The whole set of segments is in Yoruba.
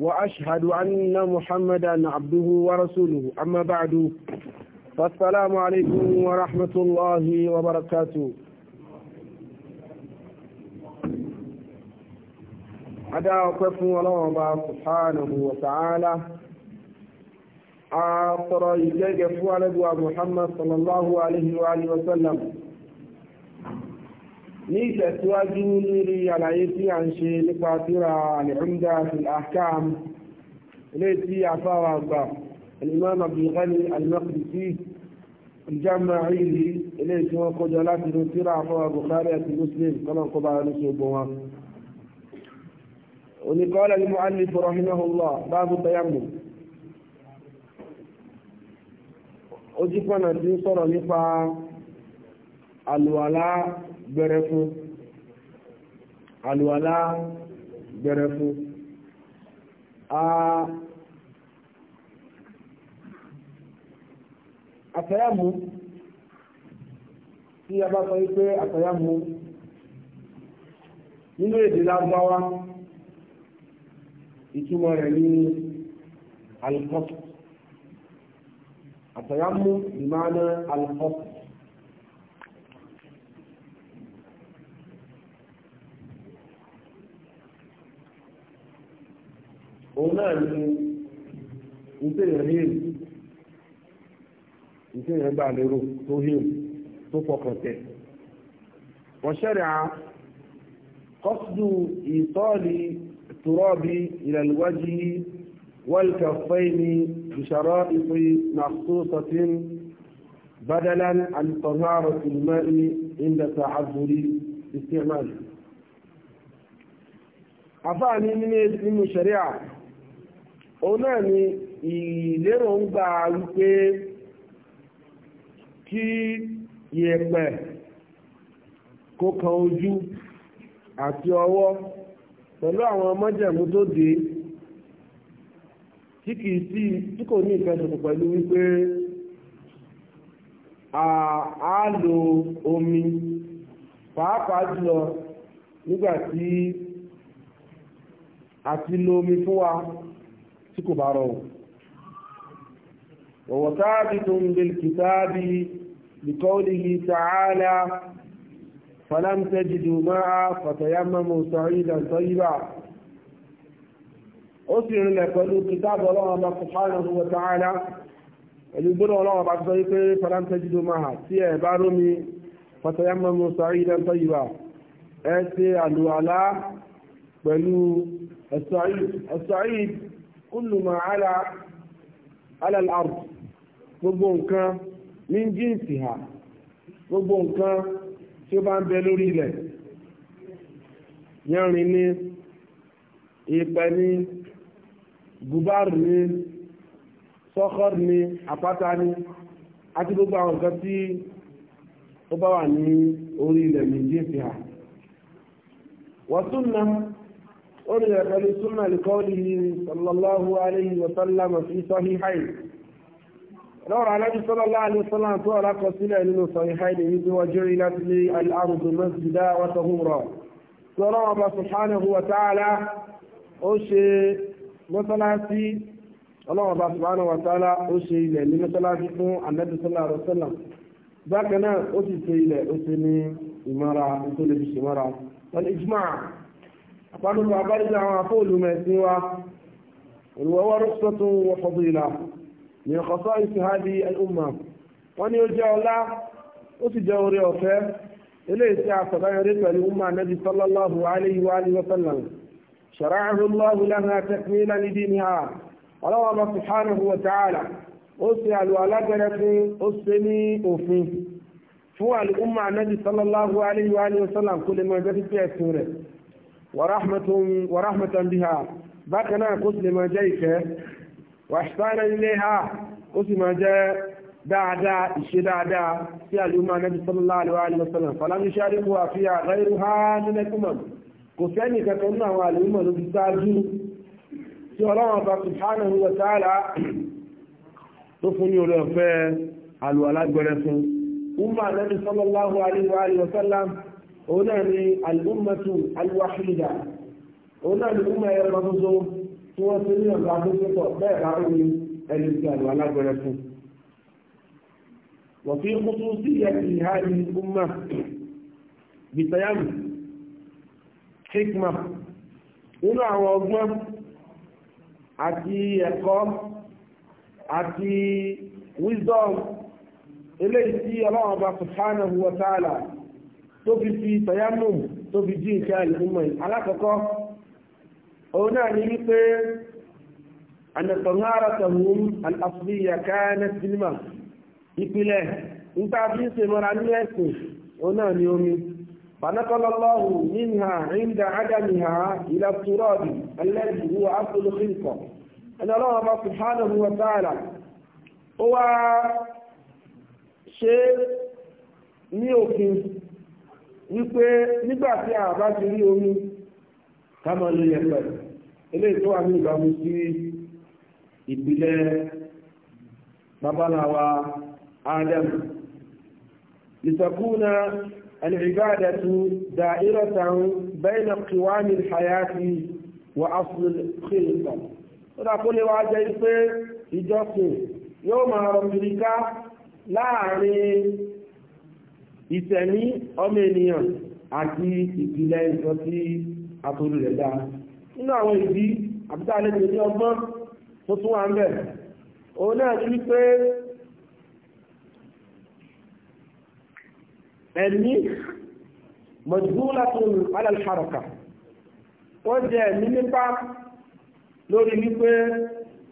وأشهد أن محمدا عبده ورسوله أما بعد فالسلام عليكم ورحمة الله وبركاته Adá ọpẹ́ fún ọlọ́wọ́n bá Subhanahu wa ta'ala. A sọ̀rọ̀ ìjẹ́gẹ̀ fún Alẹ́gbùwa Muhammad sallallahu alaihi wa sallam ní ìtẹ̀síwájú lórí àlàyé tí a ń ṣe nípa tíra al-Umda fil Ahkam ilé tí a fáwà àgbà al-Imam Abdul Ghani al-Maqdisi al-Jama'i ilé tí wọ́n kọjọ láti inú tíra àfọwà Bukhari àti Muslim kọ́nà kó bá gbẹ̀rẹ̀ fún àlùwàlá gbẹ̀rẹ̀ fún àtẹ́yàmú tí a bá sọ wípé àtẹ́yàmú nínú èdè lágbáwá ìtumọ̀ rẹ̀ ní alkọ́pù àtẹ́yàmú ìmáná alkọ́pù òun náà ni ìtẹ̀yẹ̀ hìl ìtẹ̀yẹ̀ gbà lérò tó hìl tó fọkàn tẹ̀ wọ́n ṣẹ̀rẹ̀ à kọ́sùdù ìtọ́ọ̀lì tùrọ́ọ̀bì ìrẹ̀lúwájì والكفين بشرائط مخصوصة بدلا عن طهارة الماء عند تعذر استعماله àfáàní nínú ṣàríà òun náà ni ìlérò ń gbà wípé kí yẹ̀pẹ̀ kó kan ojú àti ọwọ pẹ̀lú àwọn ọmọjẹ̀mú tó dé tí kìí sí tí kò ní ìfẹsùn pẹ̀lú wípé a lo omi pàápàá jùlọ nígbàtí ti lo omi fún wa tí kò bá rọ o wa thabitun bil kitabi bi qawlihi ta'ala falam tajidu ma'a fatayammamu sa'idan tayyiba ó sì rìnlẹ̀ pẹ̀lú kìtàbù ọlọ́run ọba subhanahu wa ta'ala ẹ̀lú gbọ́dọ̀ ọlọ́run ẹ ṣe àlùwàlá pẹ̀lú as-sa'id kullu ma ala ala al-ard gbogbo nǹkan min jinsiha gbogbo nǹkan tí ó bá ń bẹ lórí ilẹ̀ yẹnrin ní ìpẹ ní gubar ní sọ́kọ́r ní àpáta ní àti gbogbo àwọn nǹkan tí ó bá wà ní orí ilẹ̀ min jinsiha wa sunnah أرد فلسنة لقوله صلى الله عليه وسلم في صحيحين نور على صلى الله عليه وسلم تورا قصيلة من صحيحين إذ وجعلت لي الأرض مسجدا وطهورا تورا الله سبحانه وتعالى أشي مصلاتي الله الله سبحانه وتعالى أشي إلى لمصلاتي النبي صلى الله عليه وسلم ذاك أنا أشي إلى أشي إمارة أشي إمارة والإجماع pàdùkù àbáríjọ àwọn afọ́ọ̀lù mẹ́sìn wa olùwọ́wọ́ rọ́sọ́tún wọ́pọ̀dù ìlà ní ọ̀kọ̀sọ́ ìsìnhádì al'umma wọ́n ní ó jẹ́ ọlá ó sì jẹ́ orí ọ̀fẹ́ eléyìí tí a sọ̀dáyọrí pẹ̀lú umma nabi sallallahu alayhi wa alihi wa sallam shara'ahu allahu lana takmila li diniha ọlọ́wọ́ ma subhanahu wa ta'ala ó sì àlù alágbẹ̀rẹ̀ fún ó sì ní sallallahu alayhi wa sallam kó lè mọ ẹgbẹ́ fífi ẹ̀sìn rẹ̀ wa rahmatan biha bákan náà kó sì lè máa jẹ́ ìfẹ́ wa ihsanan ilayha ó sì máa jẹ́ dáadáa ìṣe dáadáa sí àlùmọ́ anábì sallallahu alaihi wa sallam falam yushariku fiha ghayruha nínú kò sẹ́ni kankan nínú àwọn àlùmọ́ ló fi sáájú tí ọlọ́wọ́n bá subhanahu wa ta'ala tó fún ní orí ọ̀fẹ́ alùwàlágbẹ̀rẹ̀ fún umma nabi sallallahu alaihi wa sallam òun náà ni alùmọ̀tù alùwàhídà òun náà ni ọmọ ẹ̀rọ tuntun tí wọ́n ti ní ọ̀gá àdókòtò bẹ́ẹ̀ bá rí ni ẹni tí àlọ́ alágbẹ̀rẹ̀ fún. wọ́n fi kútú sí ẹ̀sìn ìhà ní ọmọ bìtẹ́yàmù hikma nínú àwọn ọgbọ́n àti ẹ̀kọ́ àti wisdom eléyìí tí ọlọ́run ọba subhanahu wa ta'ala tó fi fi tayamum tó fi jí ìṣe àlùmọ̀ alákọ̀ọ́kọ́ òun náà ni wípé ànàtọ̀nárọ̀tọ̀hún àlàfíà káánà ìpìlẹ̀ níta bí ṣe mọ́ra nínú ẹ̀sìn òun náà ni omi فنقل الله منها عند عدمها إلى التراب الذي هو أصل الخلقة أن الله سبحانه وتعالى هو شيء ní òfin wípé nígbà tí a bá ti rí omi ká máa lo yẹ̀pẹ̀ eléyìí tó wà ní ìbámu sí ìpìlẹ̀ babaláwa Adam لتكون العبادة دائرة بين قوام الحياة وأصل الخلقة ọ̀dàkó lè wá jẹ́ pé ìjọsìn yóò máa rọ̀ kìríká láàrin ìtẹ̀mí ọmọ ènìyàn àti ìpìlẹ̀ ìsọ tí àtòrò rẹ̀ dáa nínú àwọn ìdí àbúta àlejò ní ọgbọ́n tó tún wà ń bẹ̀ òun náà ní wípé ẹ̀mí mọ̀júlátún alàlhàrọ̀kà wọ́n jẹ ẹ̀mí nípa lórí wípé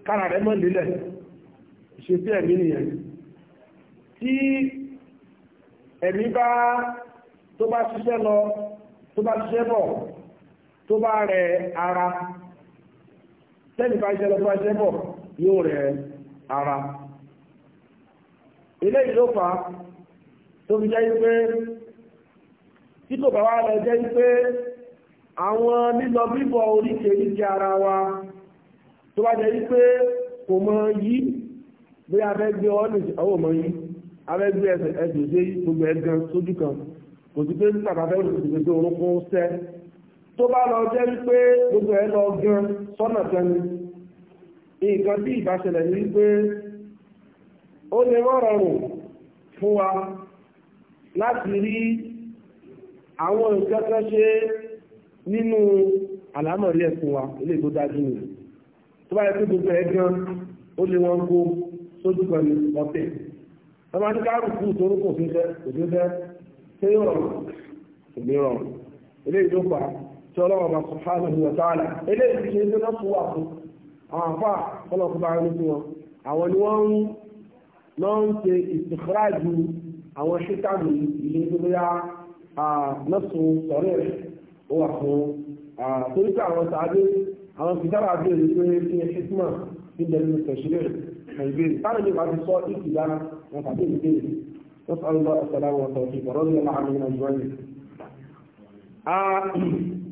kára rẹ̀ mọ́ lélẹ̀ ìṣesí ẹ̀mí nìyẹn tí ẹ̀mí bá tó bá ṣiṣẹ́ lọ tó bá ṣiṣẹ́ bọ̀ tó bá rẹ̀ ara tẹ́lì bá ṣiṣẹ́ lọ tó bá ṣiṣẹ́ bọ̀ yóò rẹ̀ ara ilé ìlú fa tó fi jẹ́ pé tí kò bá wá lọ jẹ́ pé àwọn lílọ bíbọ̀ oríkèéríkèé ara wa tó bá jẹ́ pé kò mọ yí bí a ọ́ nìyí ọwọ́ mọ yí abẹ́gbé ẹsẹ̀ ṣe gbogbo ẹ̀gán sójú kan kò sí pé nígbà fẹ́ òṣèlú tó orúkún sẹ́ tó bá lọ jẹ́ wípé gbogbo ẹ̀ lọ gan sọ́nà kan ni nǹkan tí ìbáṣẹlẹ̀ ní wípé ó lè wọ́n rọrùn fún wa láti rí àwọn nǹkan kan ṣe nínú àlámọ̀rí ẹ̀sìn wa ilé tó dájú nìyí tó bá yẹ pé gbogbo ẹ̀ gan ó lè wọn kó sójú kan ní ọ̀tẹ̀ wọ́n máa ní kárùkù torí kò fi fẹ́ kò fi fẹ́ yóò rọrùn kò rọrùn eléyìí ló tí ọlọ́wọ́n bá subhanahu wa ta'ala eléyìí ti ṣe ń tẹ́lá fún wa fún àwọn àfà ọlọ́kùn bá rí wọn àwọn ni wọ́n ń lọ ń ṣe ìsìnkúrájú àwọn ṣítàmù ilé tó bóyá nọ́ọ̀sùn sọ̀rọ̀ rẹ̀ ó wà fún torí pé àwọn sàádé àwọn fìdára bí èrè pé kí ẹ وتعطيه الدين نسأل الله السلامة والتوفيق رضي الله عنه أجمعين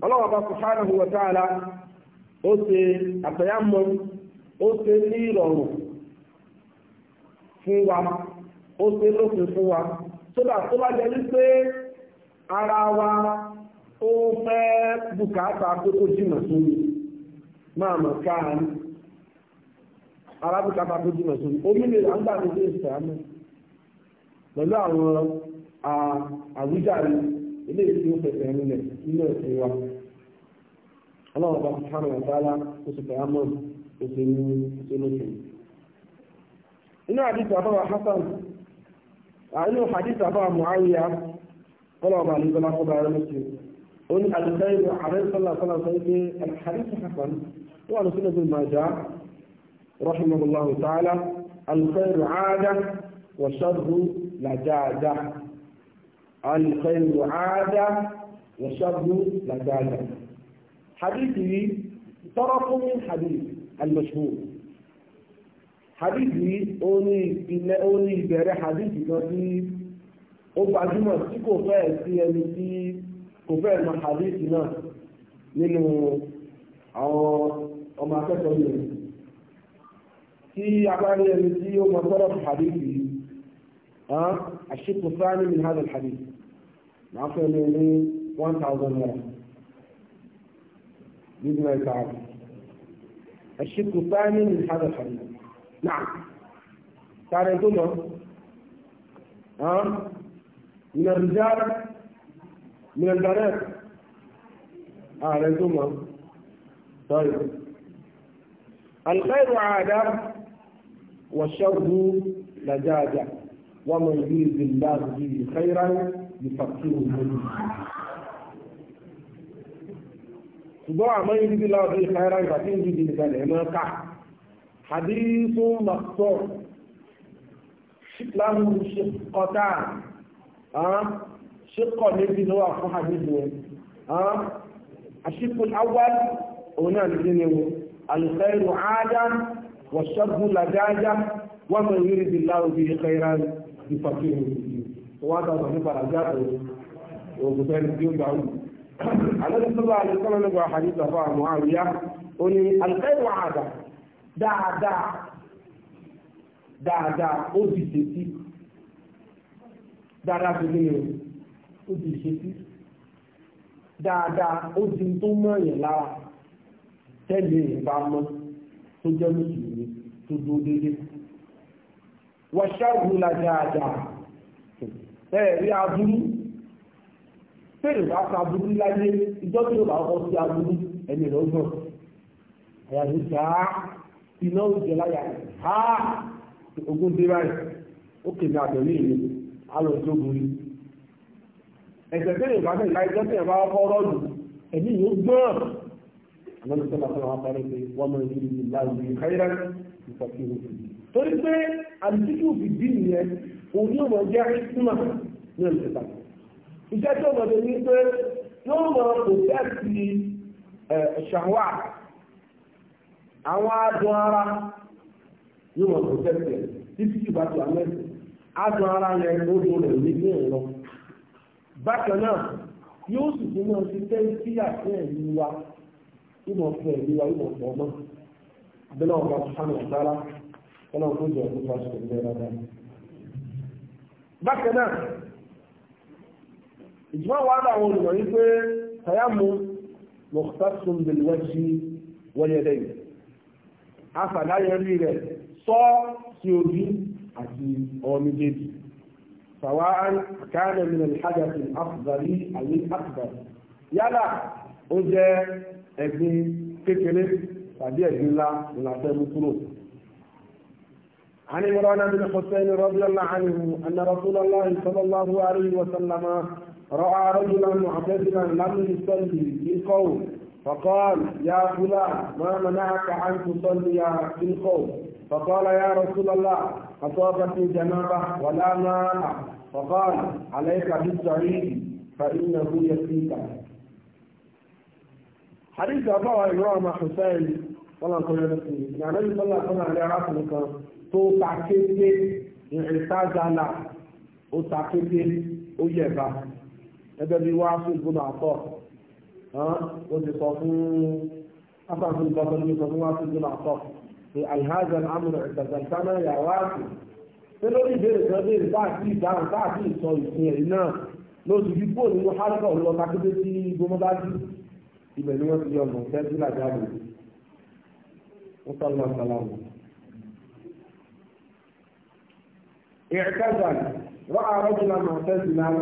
ọlọ́wọ́ subhanahu wa ta'ala arábíkà bá tó jìnà sórí omi lè là ń gbà ní ilé ìsàmù pẹ̀lú àwọn àwíjàre ilé ìsìn fẹsẹ̀ nílẹ̀ nínú ẹ̀sìn wa ọlọ́run bá sáré ọ̀tálá oṣù kẹ̀hámọ́ oṣù ní oṣù lóṣù inú àdìsí àbáwá Hasan àìní àdìsí àbáwá Muawiya ọlọ́run bá ní sọlá fún bàrẹ́ lóṣù ó ní àdìsí àbáwá àrẹ́ sọlá sọlá sọ pé àdìsí Hasan wà lóṣù lóṣù máa já رحمه الله تعالى الخير عادة والشر لجادة الخير عادة والشر لجادة حديثي طرف من حديث المشهور حديثي أوني إلا أوني بيري حديثي نبي أبا جمع سيكو فاية سيامتي كفاية ما حديثنا nínú أو ọmọ akẹ́kọ̀ọ́ yìí في عبارة التي في حديثه أه؟ الشق الثاني من هذا الحديث العفو من 1000 مرة بإذن الله تعالى الشق الثاني من هذا الحديث نعم انتم ها من الرجال من البنات انتم طيب الخير عادة وشره لجاجة ومن يريد الله به خيرا يفكره منه ṣùgbọ́n àmọ́ ìdíbi láàbí ìfàírà ìgbàtí ìdíbi ìgbàlẹ̀ ẹ̀mọ́ ká hadithu mọ̀tọ́ ṣíkláàmù ṣíkọta ṣíkọ̀ méjì ló wà fún hadithu ẹ̀ àṣíkù awwal òun náà nìdí ni wọn alùfẹ́ ìrù áádá والشر لجاجة ومن يريد الله به خيرا يفكره وهذا ما نفعل ذاته وبذلك يدعو النبي صلى الله عليه وسلم نقول حديث أبا معاوية أني الخير عادة دع دع دع دع أودي سيتي دع دع سيتي أودي سيتي دع دع أودي توما يلا تلي بامن تجمع tó dúró déédéé wọ́ṣẹ́gun lajáàjá ẹ̀rí aburú fèrè bá ka aburú láyé ìjọ tí bá kọ́ sí aburú ẹni rẹ̀ ó gbọ́n àyàfi sáá iná oúnjẹ láyà á ogún dé báyìí ó kéde ìlú ẹ̀sẹ̀ fèrè bá láyé bá kọ́ rọ́ọ̀lù yóò gbọ́n àmọ́ nípa náà fọlọ́wọ́ parí pé wọ́n mọ ìrírí ní láwùjọ ìkáyọ̀rọ̀ ìfọ̀kí òfin. torí pé àdìsíkì òfin bí nìyẹn òun yóò mọ jẹ́ ìsúnmà ní ọ̀sẹ̀ta. iṣẹ́ tó mọ̀ tó ní pé yóò mọ òfẹ́sì ṣàwà àwọn adùn ara yóò mọ òfẹ́sì ẹ̀ títí ìgbà tó àmọ́ adùn ara yẹn ó dùn rẹ̀ ní ilé ìrọ̀. bákan náà yóò sì tún mọ ti tẹ́ sí àtẹ̀yìn wa ìmọ̀ fún ẹ̀mí wa ìmọ̀ fún ọmọ abẹ́lẹ́ ọ̀gá sùpánù ọ̀tara ọlọ́run tó jẹ́ ọ̀gbọ́n tó aṣọ ìgbẹ́ dáadáa. bákan náà ìjùmọ̀ wa dà àwọn olùmọ̀ yìí pé tayamu mukhtasun bil wajhi wal yadayn afàdáyẹrí rẹ̀ sọ sí ojú àti ọwọ́ méjèèjì sawa'an kana min al-hadath al-asghar aw al-akbar yálà ó jẹ́ ẹ̀gbin kékeré tàbí ẹ̀gbin ńlá ìlàfẹ́ mú kúrò. عن عمران بن حسين رضي الله عنه أن رسول الله صلى الله عليه وسلم رأى رجلا معتزلا لم يصلي في قوم فقال يا فلان ما منعك أن تصلي في القوم فقال يا رسول الله أصابتني جنابة ولا ماء فقال عليك بالصعيد فإنه يكفيك hadith àbáwá ìrọ̀ àmà hùsáìlì wọ́n kọ́ yọrọ sí i ìyá lẹ́yìn sọ́lá sọ́lá àlẹ́ arákùnrin kan tó ta kété ìrìntàjàlà ó ta kété ó yẹ̀bá ẹgbẹ́ bíi wá fún ìgbóná àtọ̀ ó ti sọ fún afáàfin ìgbọ́sọ́ ní sọ fún wá fún ìgbóná àtọ̀ pé àìhájà àmúrò ìtàjàlítàná yàrá àti pé lórí ìbéèrè kan béèrè bá àti ìdáhùn bá àti ìsọ ìsìn ẹ̀rí náà lóṣù bí bóòlù ní hálùkọ̀ lọ ta kété sí gbọmọdájú ibẹ̀ ni wọ́n ti yọ ọgbọ̀n fẹ́ sí làjáde wọ́n sọ̀rọ̀ náà sàlámù. ìrẹ̀kẹ́gbà wọ́n àárọ̀ jù lánà fẹ́ sí náà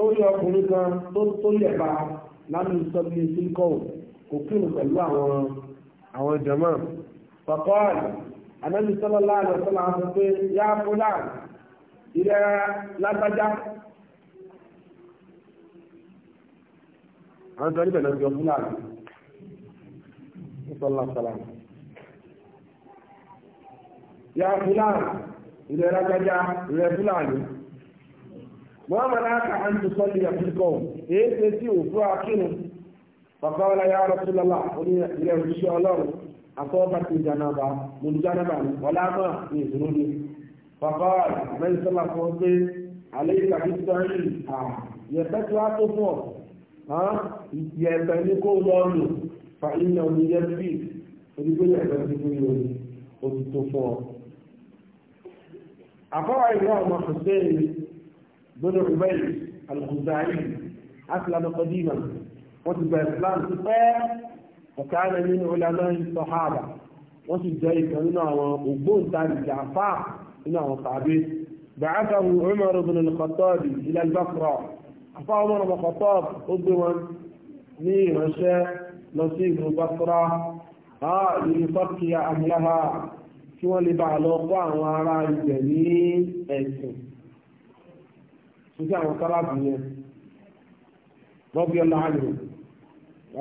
ó rí ọkùnrin kan tó tó yẹ̀ bá lánàá sọ́bí sílíkọ̀ọ̀ kò kírun pẹ̀lú àwọn àwọn jàmá. fọ̀kọ́ọ̀lù anábìsọ́lọ́lá àlọ́sọ́lá sọ pé yá fúlà ilẹ̀ lágbájá àwọn tó níbẹ̀ lọ́jọ́ fúlàní ìsọ̀lọ́sọ̀lá ya fúlàní ilẹ̀ rágájá rẹ̀ fúlàní wọ́n mọ̀ náà ká àǹtí sọ́lì àfíkọ́ èyí ṣe sí òfú akínú bàbá wọlé ya rọ̀ sílọ́lá oní ilẹ̀ òṣìṣẹ́ ọlọ́run àtọ́ọ́bà ti jànàbà mọ̀lùjánàbà wọlé àmà ní ìdúró ni bàbá mẹ́rin sọ́lá fún ọ pé àlẹ́ ìkàkí sọ́rí à yẹ̀fẹ́ tó á tó fún ọ ìyẹ̀pẹ̀ ní kó lọ́nù fàílì ọmọ ilẹ̀ sí onígbélé ẹ̀fẹ́ ti fún yóò ní oṣù tó fún ọ. àfọwọ́ ìlú ọmọ hussein gbọdọ̀ rubel alhuzari aslam qadima wọ́n ti gba islam ti pẹ́ ọ̀kánà nínú ọlọ́nà sọ̀hábà wọ́n ti jẹ́ ìkan nínú àwọn ògbóǹtarìgì àfáà nínú àwọn tàbí bàákàwù Umar ibn al-Khattab ila àfáà ọmọ ọmọ kọ̀tọ́ọ̀bù ó gbé wọn ní ìránṣẹ́ lọ sí ìlú Basra á ìlú tọ́kìá àmìláha kí wọ́n lè bá lọ kọ́ àwọn ará ibẹ̀ ní ẹ̀sìn sísẹ́ àwọn sábàbù yẹn rọ́bì ọ̀la àlùkò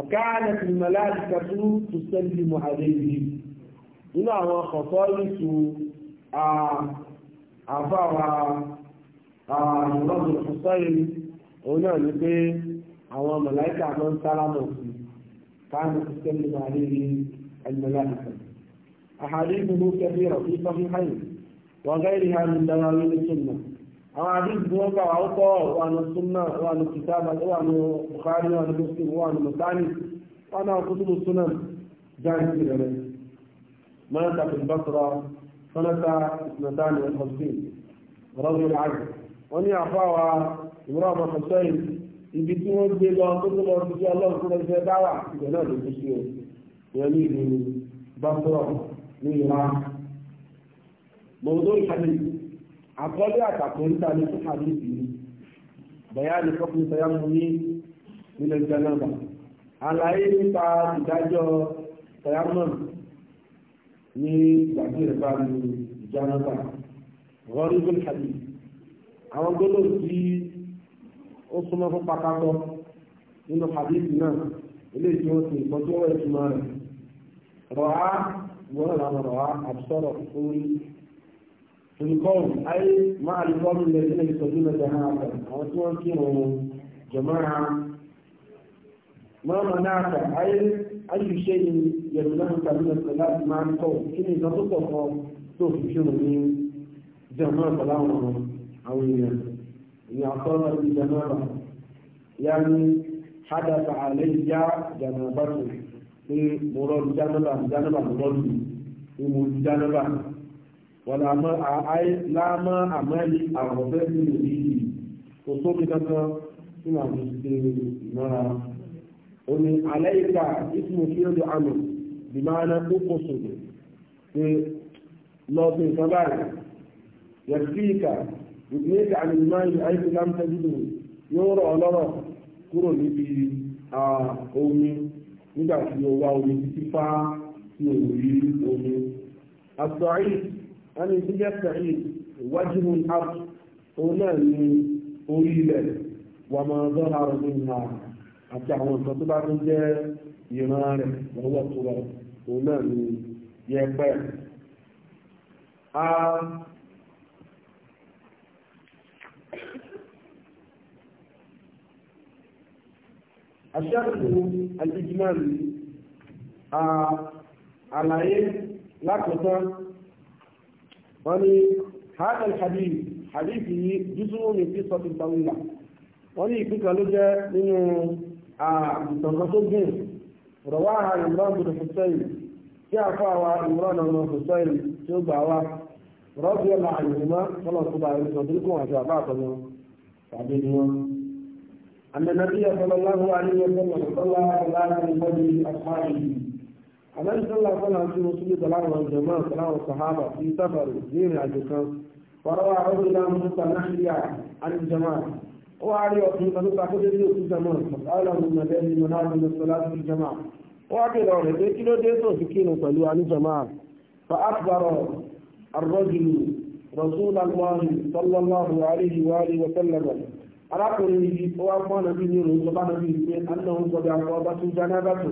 ọ̀káàlẹ̀ tìmọ̀lá àtìkàtú tó sẹ́ńdì mọ̀hàdé yìí nínú àwọn ọ̀tọ́ ìlú àfáwà àrùn lọ́dún ọ̀sọ́ yìí òun náà ni pé àwọn mọ̀láìkà máa ń sálámọ̀ sí káàmù kìsẹ́lì máa rí rí الملائكة أحاديثه كثيرة في صحيحين وغيرها من دواوين السنة أحاديث موقع أوطى وأن السنة وأن الكتابة وأن البخاري وأن مسلم وأن المساني وأن كتب السنن جاهز إليه مات في البصرة سنة 52 رضي الله عنه وأن يعفاها ìmúra ọmọ sọ̀tọ́yìn ibi tí wọ́n gbé lọ tó tó lọ sí ọlọ́run tó lọ sí ẹgbẹ́ wà ibẹ̀ náà ló ti ṣe o ìyẹn ní ìlú bọ́sọ̀rọ̀ ní ìlà mọ̀ọ́dọ́ ìkàlẹ̀ àkọ́lé àtàkùn níta ní fún àdìsí bẹ̀yà ní fọ́kùnrin sọ̀yà mú ní nílẹ̀ jẹ́nàbà àlàyé nípa ìdájọ́ sọ̀yà mọ̀ ní ìgbàgbé rẹ̀ bá ní jẹ́nàbà rọ́rí gbọ́dọ̀ àwọn gbọ́dọ̀ sí ó súnmọ́ fún pátákọ́ nínú hadithi náà eléyìí tí ó ti nǹkan tí ó wẹ̀ rẹ̀ rọ̀á wọ́n làwọn rọ̀á àbúsọ̀rọ̀ orí olùkọ́wù ayé máa lè kọ́rù lè sílẹ̀ ìsọ̀jú lẹ́jọ́ náà àtà àwọn tí wọ́n kírun wọn jọmọ́ra máa náà àtà ayé ayùṣe ni yẹ̀rù náà tàbí láti máa ń اعتبر بجنابة يعني حدث علي جنابته في مرور جنبة جنبة مرور في جنبة ولا ما أي لا ما أمالي أرغبت به وصوم كذا إما مسلم ما ومن عليك اسم فيل عمل بمعنى أقصد في لوطن كبار يكفيك ìpínlẹ̀ àlùmọ́ àìsí lámtẹ́jìdò yóò rọ̀ ọlọ́rọ̀ kúrò níbi omi nígbà tí o omi títí fá tí o rí omi. àtọ̀rí ẹni tí jẹ́ tẹ̀rí ìwájú mu áp òun náà ní orí ilẹ̀ wà máa dán ara mi nà àti àwọn nǹkan الشرح الإجمالي àlàyé lákòótán wọ́n ní hada alhadith hadith yìí jùsùn ní pípọ̀ ti sàwìlà wọ́n ní ìpínkà ló jẹ́ nínú àtọ̀nà tó gùn rọ̀wá ìmúràn bùrù hussein tí a fọ́ àwa ìmúràn ọmọ hussein tí ó gbà wá rọ́bì ọ̀la àyùmọ́ tọ́lọ̀ tó bá ẹni sọ̀tún kún أن النبي صلى الله عليه وسلم صلى على محمد أصحابه أنا صلى الله عليه وسلم في مسجد الله والجماعة صلى والصحابة في سفر دين عجوكم وروى الله مصطفى نحيا عن الجماعة وعلي وفي مدوكا قدر يوسف الجماعة فقاله من بين منار من الصلاة في الجماعة وعقل أولا كيلو ديتو سكينو صلوا عن الجماعة فأخبر الرجل رسول الله صلى الله عليه وآله وسلم arákùnrin yìí ó wá fún ànàbí ní òun lọ́bá ànàbí yìí pé àná òun sọ bí akọ ọba tún jánábà tó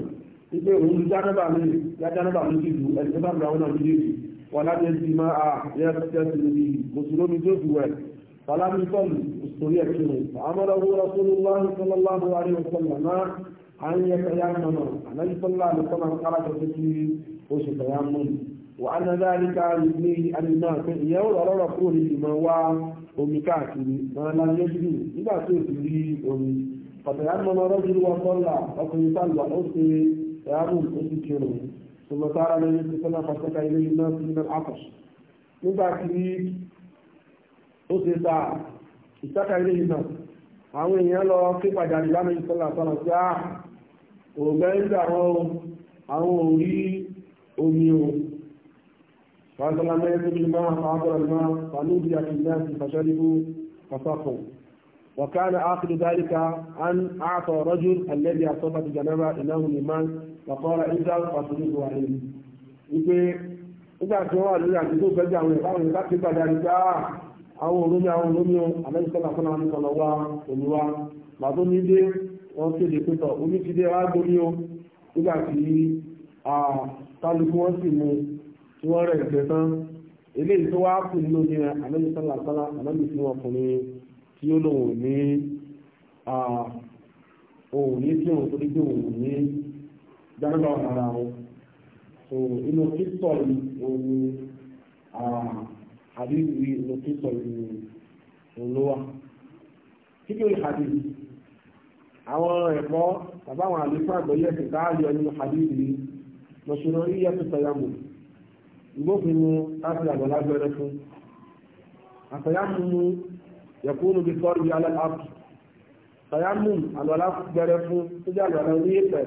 ipe òun lu jánábà mi ya jánábà mi dìbò ẹni bá lu àwọn náà méjèèjì wà láti ẹni tí máa a yẹ ẹsẹ níbi mùsùlùmí tó fi wẹ fàlámi tọ́lù sórí ẹ̀kí rẹ̀ àmọ́dá owó rasulullahi sallallahu alaihi wa sallam náà à ń yẹ kẹyà mọ́nà ànájú sọ́lá àlùkọ́nà kára tó ti oṣù wàhánà dáríká ilé àdínà pé ìyẹn ó kúrò ní ìmọ̀ wá omi káàkiri máa la yóò jù nígbà tí ó ti rí omi pàtàkì àmọ́ lọ́rọ̀ jù wọn sọ́là ọkùnrin sálùwà ó ṣe ẹ̀hámù ó sì kí rùn ṣùgbọ́n sára lẹ́yìn tí sọ́là pàtàkì ilé iná sí iná àpọ̀ nígbà tí ó ṣe ta ìtàkà ilé iná àwọn èèyàn lọ kí padà ìyáàmì sọ́là فأنزل ما يجب الماء فعبر الماء فنودي في الناس فشربوا فصفوا وكان آخر ذلك أن أعطى رجل الذي أصاب بجنابة إنه الإيمان وقال إذا فصلوا عليه wípé nígbà tí wọ́n wà lórí àdúgbò gbẹ́jọ́ àwọn ìbáwọn ìbá ti gbàdá ní pé àwọn olómi àwọn olómi o àlẹ́sọ́lá fún àwọn nìkan lọ́wọ́ olúwa màtó ní dé wọ́n kéde pétọ̀ omi ti dé wá gbórí o nígbà kálukú wọ́n sì mú tí wọ́n rẹ̀ ìpè tán eléyìí tó wá kù nínú ní ànábì sálà sálà ànábì fún ọkùnrin tí ó lòun ní òun ní tí òun torí pé òun ní dáná ara wọn so inú kíkọ̀ òun ní àríwí inú kíkọ̀ òun ló wà kíkọ̀ ìhàdí àwọn ẹ̀kọ́ tàbáwọn àlùfáà àgbọ̀yẹ̀sì káàlì ọ̀nínú àdìsí lọ́sọ̀rọ̀ yíyá tó tẹ̀yàmù gbófin mu láti àgbàlá gbẹrẹ fún àtàyàmù mu yẹkùnú bí sọ́ọ̀rù yálà ápù tàyàmù àgbàlá gbẹrẹ fún tó jẹ́ àgbàlá ní èpẹ̀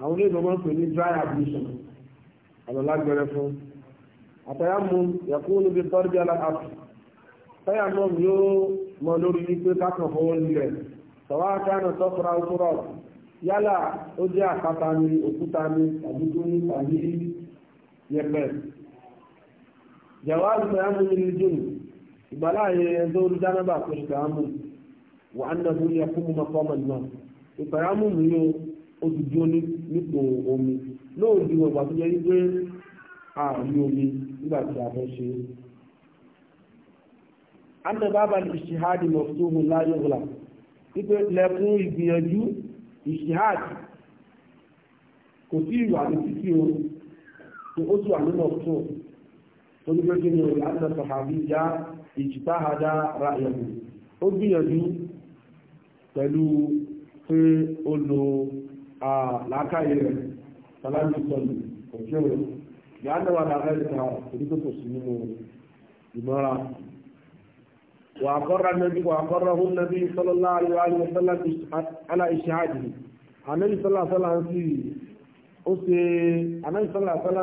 àwọn onígbà máa ń ní dry ablution àgbàlá gbẹrẹ fún àtàyàmù yẹkùnú bí sọ́ọ̀rù yálà ápù tàyàmù yóò mọ lórí wípé kákan fọwọ́ nílẹ̀ sọ̀wọ́ akáyàn sọ́kùnrin àwùjọ yálà ó jẹ́ àkàtà ni òkúta ni tàbí tó ní tàbí yẹpẹ jawaabu tayamu nínú jùlọ ìgbàlá yẹn ẹjọ́ olùdánábà kò ṣe tayamu wà á nàbó yẹ kó mu ma kọ́ ọmọ náà ìtayamu mi yóò ó ti dúró nípò omi lóòdì wọ̀gbà tó yẹ wípé àárín omi nígbà tí a fẹ́ ṣe é anna baba ìṣìhádì mọ̀tòmù láyé wùlà wípé lẹ́kún ìgbìyànjú ìṣìhádì kò sí ìwà ní títí o ó tún àmì náà tún torí pé kí ni o láti sọ̀hábí já ìjìtáhadá ra ẹ̀mù ó gbìyànjú pẹ̀lú pé ó lo làákàyè rẹ̀ sàlámì sọ̀lù òjò rẹ̀ ìyáná wà lára ẹ̀ka torí pé kò sí nínú ìmọ̀ra wà kọ́ra nàbí wà kọ́ra hún nàbí sallallahu alaihi wa sallam ala ìṣáàdì àmì sọ́lá sọ́lá ń sì ó ṣe anábì sọ́lá sọ́lá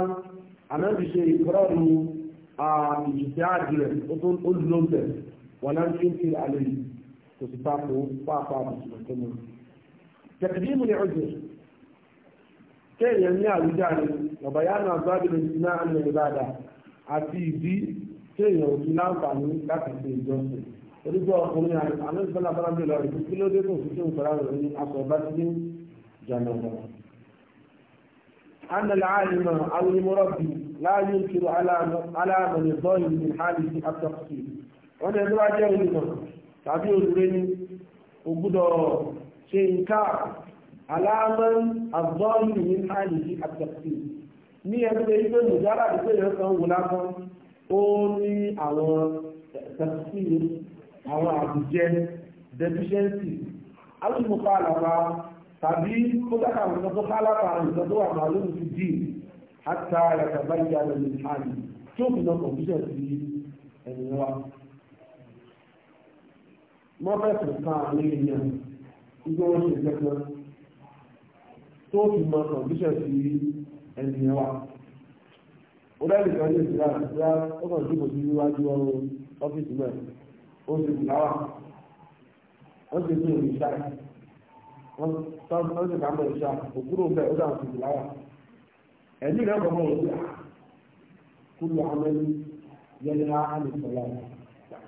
anábì ṣe ìkọ́rọ̀rù ìjìṣẹ́ àdìrẹ̀ ó tó lóńtẹ̀ wọn náà ṣe ń fi àlẹ́ yìí kò sì ta kó pàápàá mùsùlùmí tó mú. tẹ̀kídìmù ni ọjọ́ kéèyàn ní àwùjáde ọ̀bàyánà àgbàdìrẹ̀ ìsinmi àmì ìbàdà àti ìdí kéèyàn ò fi láǹfààní láti ṣe ọkùnrin àmì ìsọ́lá sọ́lá bí lọ rẹ̀ kí ló kò sí kí n fẹ́ràn rẹ̀ ní aṣọ ọba sí jàǹdà أن العالم أو المربي لا ينكر على على من الظالم من حاله التقصير wọ́n tẹ́ tó bá jẹ́ olùmọ̀ tàbí olùrẹ́ ní ogúdọ̀ ṣe nká aláàmán àzọ́ọ̀lù ní àìlèjì àtẹ̀kì ní ẹgbẹ́ ilé mùjára àdúgbò yẹn kan wò lásán ó ní àwọn tẹ̀kì àwọn àbújẹ deficiency alùpùpù àlàbà tàbí ó dákà àwọn ìjọba bá lára àwọn ìjọba tó wà máa lóun ti dì àtà àyàtàbá ìyá rẹ̀ lè hàn tí ó fi lọ kọ̀m̀pútà sí ẹ̀yìn wa. mọ́fẹ́sì kan àwọn èèyàn ìgbé wọn ṣe kẹ́kẹ́ tó fi mọ kọ̀m̀pútà sí ẹ̀yìn wa. ó dájú kan ní ìsìlá ìsìlá ó kàn dúró sí iwájú ọrùn ọ́fíìsì náà ó ti kùnà wà ó ti gbé òrìṣà yìí. wọ́n sọ́ọ́ lọ́sẹ̀ ká mọ̀ ìṣá òkúrò bẹ́ẹ̀ ó dàn fìdí láyà ẹ̀mí rẹ̀ kọ̀ọ̀mọ̀ òkú ah, kúlù amẹ́lí yẹnira alùpùpù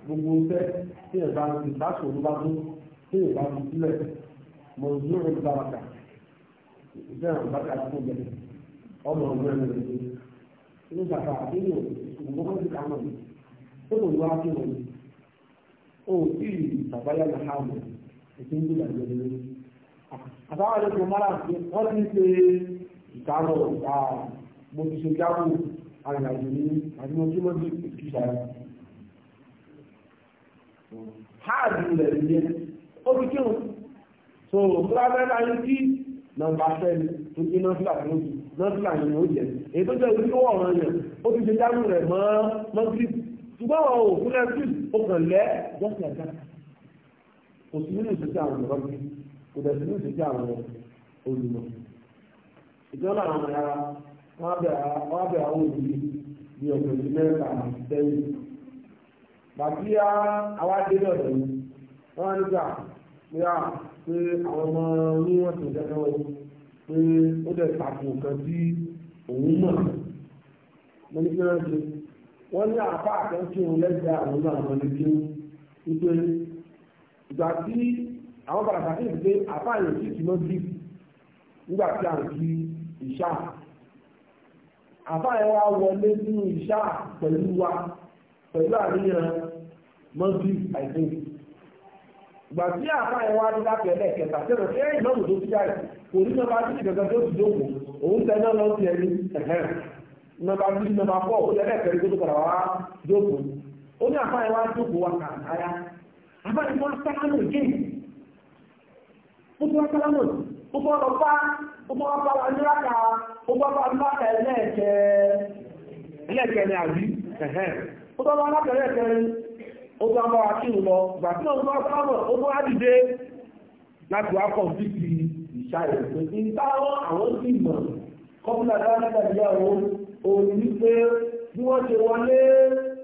gbogbo tẹ tí ẹ bá ti bá bá tó ẹ bá ti sílẹ̀ mọ̀ ní àwọn tó bẹ̀ ọmọ ọmọ ẹni kò ní wá sí wọn o àtàwọn àlejò mara wọ́n ti ń ṣe ìdáwọ̀ ìdá mo ti ṣe dáwọ̀ arìnrìnàjò ní àdínwó tí wọ́n ti fi ṣàrà. Háàdì rẹ̀ nìyẹn, ó fi kí òun. So, Bùrábẹ́ náà ń kí nọmba fẹ́ni tó kí nọ́fìlà tó kí nọ́fìlà yẹn ni ó jẹ. Èyí tó jẹ́ ìwé tó wọ̀ràn yẹn, ó ti ṣe dáwọ̀ rẹ̀ mọ́ nọ́fìlì. Ṣùgbọ́n àwọn òfin náà kò dẹ̀ ní ìsìnkú àwọn olùmọ̀ ìjọba àwọn ọmọ wọn bẹ àwọn òbí bí ọ̀gbìn mẹ́ta sẹ́yìn bàbí àwọn adélé ọ̀dọ̀ yìí wọ́n á nígbà pé àwọn ọmọ ti dẹ́kẹ́ wọ́n pé ó dẹ̀ kan sí òun mọ̀ mo ní kí wọ́n ṣe wọ́n ní àpá òun lẹ́gbẹ̀ẹ́ àwọn ọmọ àwọn àwọn bàrà sàkíyèsí pé àfáàyè sí ìtìmọ́ bí nígbà tí à ń fi ìṣá àfáàyè wa wọlé nínú ìṣá pẹ̀lú wa pẹ̀lú àríyàn mọ́bí àìsàn ìgbà tí àfáàyè wa ní láti ẹlẹ́ẹ̀kẹta tẹ́lẹ̀ ṣé ìnáwó tó ti jáde kò ní nọ́mbà tí ìgbàgbọ́ tó ti dókòó òun tẹ́lẹ̀ lọ sí ẹni ẹ̀hẹ́n nọ́mbà tí nọ́mbà fọ́ òun ẹlẹ́ẹ̀kẹrin tó tó padà wá dókòó ó ní àfáàyè wa dókòó wa kà áyá àfáàyè wa sáà ó tún wákàlá náà ó bọ́ lọ bá ó bọ́ bá wa níláka ó bọ́ bá níláka ẹlẹ́ẹ̀kẹ́ ẹlẹ́ẹ̀kẹ́rin àbí ó bọ́ bá níláka ẹlẹ́ẹ̀kẹ́rin ó bọ́ bá wa kí n lọ gbà tí ó bọ́ bá wọn ó bọ́ wá dìde láti wá kọ̀ sí ti ìṣá ìrẹ̀pẹ̀ ní táwọn àwọn sì mọ̀ kọ́pùlà dáadáa ìyàwó òun ní pé bí wọ́n ṣe wọlé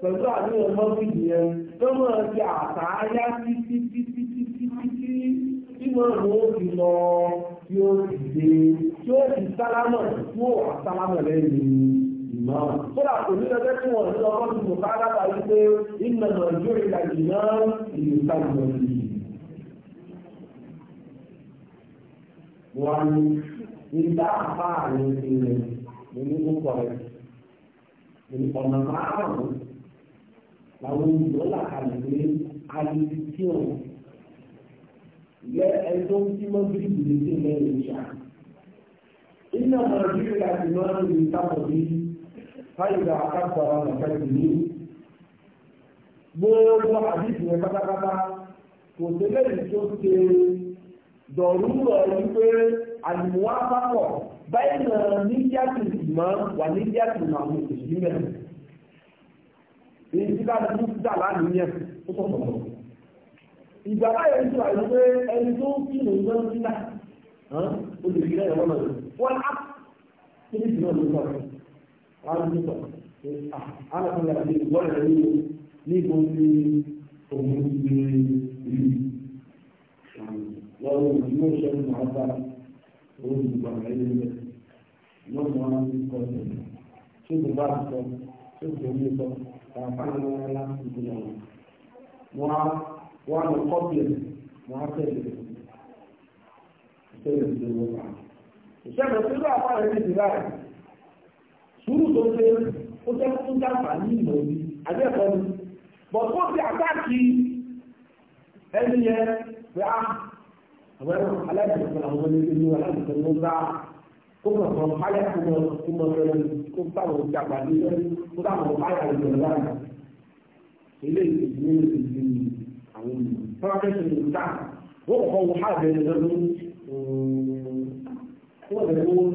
pẹ̀lú àníyàn mọ́bìlì yẹn tó mọ̀ ọ́n ti àtàáyá títí títí máa mú òbí lọ tí ó sì dé tí ó sì sálámọ̀ tí ó wà sálámọ̀ lẹ́yìn ìmọ̀. Sọ́dà kò ní lọ́jọ́ tí wọ́n ní lọ́kọ́ tí mo bá dábàá yìí pé ìmọ̀ Nàìjíríà ìlàjì náà ìlú sálámọ̀ yìí. Wọ́n ní ìgbà àbá àwọn ìrìn ní kó rẹ̀. Ọ̀nà márùn-ún làwọn olùdó làkàlẹ̀ pé a lè kí òun lẹ ẹni tó ń tí mọ́ bí ìdílé tí ń lẹ́yìn ìṣà. iná nàìjíríà ti máa ń rí táwọn bí fáyìlà akápọ̀ra nàìjíríà ti ní. gbogbo àdìsí rẹ pátápátá kò sí lẹ́yìn tó ṣe dọ̀rúrọ̀ yìí pé àlùmọ́ àpapọ̀ báyìí náà níjà tó mọ́ wà níjà tó mọ́ àwọn òṣèlú mẹ́rin. èyí tí bá dúdú dà lánìí yẹn ó tọ̀tọ̀ ìgbàgbọ́ yẹn ti wà ní pé ẹni tó ń kírun ń gbọ́n sílá olùkí lẹ́yìn wọn lọ́dún wọn á kí ah, ní ìdílé ọ̀dún sọ̀rọ̀ wọn á tún sọ̀rọ̀ àwọn kan lára bíi ìgbọ́n rẹ̀ ní ní ìbò ti òun ti rí lọ́wọ́ ìdílé ìṣẹ́gun máa bá òun ìgbà rẹ̀ ní ilẹ̀ lọ́wọ́ wọn á tún kọ́ ọ̀sẹ̀ tí kò bá sọ tí kò ní sọ àwọn kan lára ìdílé wọn wọn lọ kọ́pì wọn á tẹ̀lé ìṣẹ̀lẹ̀ wọn kà. ìṣẹ̀lẹ̀ tó lọ àpá rẹ̀ nìyí báyìí sùúrù tó ṣe ó jẹ́ fún dáfà ní ìmọ̀ òbí àbẹ́ẹ̀kọ́ ni bọ̀ tó ti àtàkì ẹni yẹn pé á ah, àwọn aláìsàn àwọn ẹlẹ́gbẹ́ ní aláìsàn ló bá kó mọ̀ kàn fáyà kó mọ̀ kó mọ̀ fẹ́ kó táwọn ìjàpá ní ẹni kó táwọn fáyà ìjọba ilé ìgbìmọ̀ ìgbìmọ̀ àwọn ènìyàn tọ́wọ́ fẹ́sẹ̀ ní ìta ó kọ̀kọ́ wọ hábẹ́ ní lọ́dún wọ́n bẹ̀rẹ̀ wọ́n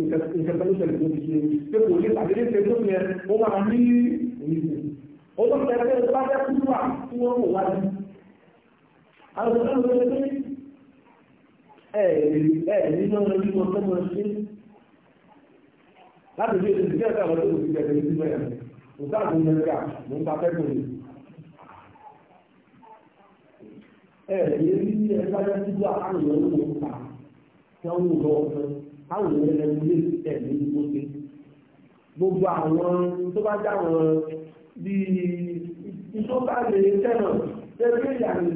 ìtẹ̀sẹ̀lẹ́sẹ̀lẹ̀ ló ti ṣe pé kò ní àdéhùn ṣe tó yẹ ó máa ní ìrìnsẹ̀ ó tó fẹ́ fẹ́ bá fẹ́ kú wà tí wọ́n kò wájú àwọn ọ̀dọ́ ẹ̀ẹ́dẹ̀ẹ́ bí ẹgbẹ́ tí wà á lọ ní ìta tí wọ́n ń lọ ọ̀fẹ́ àwọn ẹ̀rẹ́ ilé ẹ̀mí gbóṣe gbogbo àwọn tó bá já wọn bíi ìṣọ́kàlẹ̀ tẹ́lọ̀ tẹ́lẹ̀ ìyàwó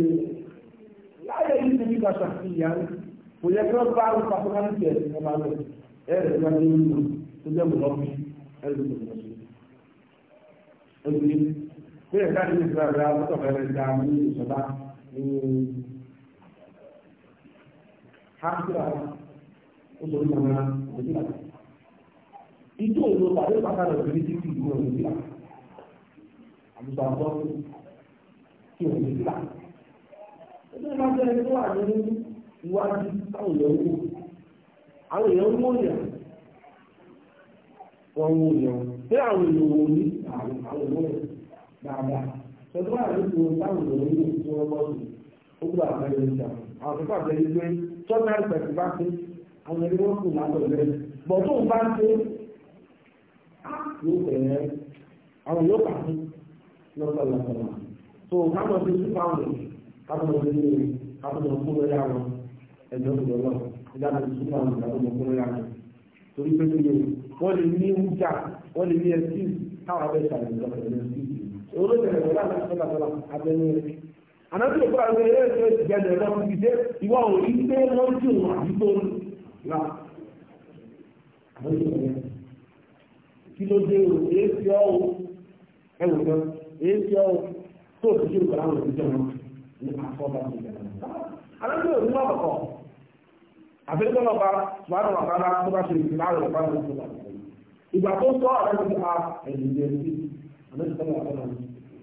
láyé yìí ti ní kàṣà sí ìyàwó kò yẹ kí wọ́n bá ń pa fúnra níbi ẹ̀sìn ọba lọ ẹ̀rẹ́ ìgbà tó ń lò tó jẹ́ mọ̀ lọ́bí ẹ̀rẹ́ ìgbà tó ń lọ sí. bẹ́ẹ̀ káàdì ìgbà rẹ̀ ní áfíríkà oṣù pàtàkì òbí tí kì í mọ̀ nàìjíríà àbùsọ̀ àbọ̀ kí o lè ẹgbẹ́ máa jẹ́ ẹni wà ní iwájú táwọn èèyàn wò àwọn èèyàn ń wòyà wọ́n ń wòyà bí àwọn èèyàn wò ní àwọn èèyàn dáadáa pẹ̀lú àdúgbò táwọn ìròyìn ní ìtú ọmọ sí ó gbà àpẹẹrẹ ìjà àwọn tó pàṣẹ yìí pé tọ́jà ìpẹ̀tù bá pé àwọn ẹni wọ́n kù látọ̀lẹ́ bọ̀ tó ń bá ń pé yóò bẹ̀rẹ̀ àwọn yóò kà fún lọ́sọ̀lọ́sọ̀lọ́ tó kábọ̀ sí sí fáwọn kábọ̀ sí ní kábọ̀ fún lórí àwọn ẹ̀jọ́ ìjọba ìdájọ́ sí fáwọn kábọ̀ fún lórí àwọn torí pé wọ́n lè ní wújà wọ́n lè ní ẹtí táwọn abẹ́ ṣàlẹ̀ ìjọba ìjọba ìjọba òun ló tẹ̀lé lọ́la àti ìfẹ́ lọ́la abẹ́yẹ rẹ̀. Ànájú òkúra rẹ̀ eré ẹ̀sẹ̀ ìjẹ́jẹ̀ ẹ̀dá fún ìdíje ìwà òní pé wọ́n jù wọn àdúgbò náà. Àwọn ìṣòro yẹn kí ló dé o èé fi ọ́ o ẹ̀wọ̀n náà èé fi ọ́ o tó o ti ṣe ìgbà àwọn ìdíje a ní àfọ́bà tó ìgbà o Ànájú òní náà kọ̀ àfẹ́lẹ́gbọ́n náà bá wàhálà wàhálà tó bá ṣe ìgbà àwọn ìgbà tó sọ àwọn ìgbà ẹ̀yìn àmì sọ́nà ọ̀nà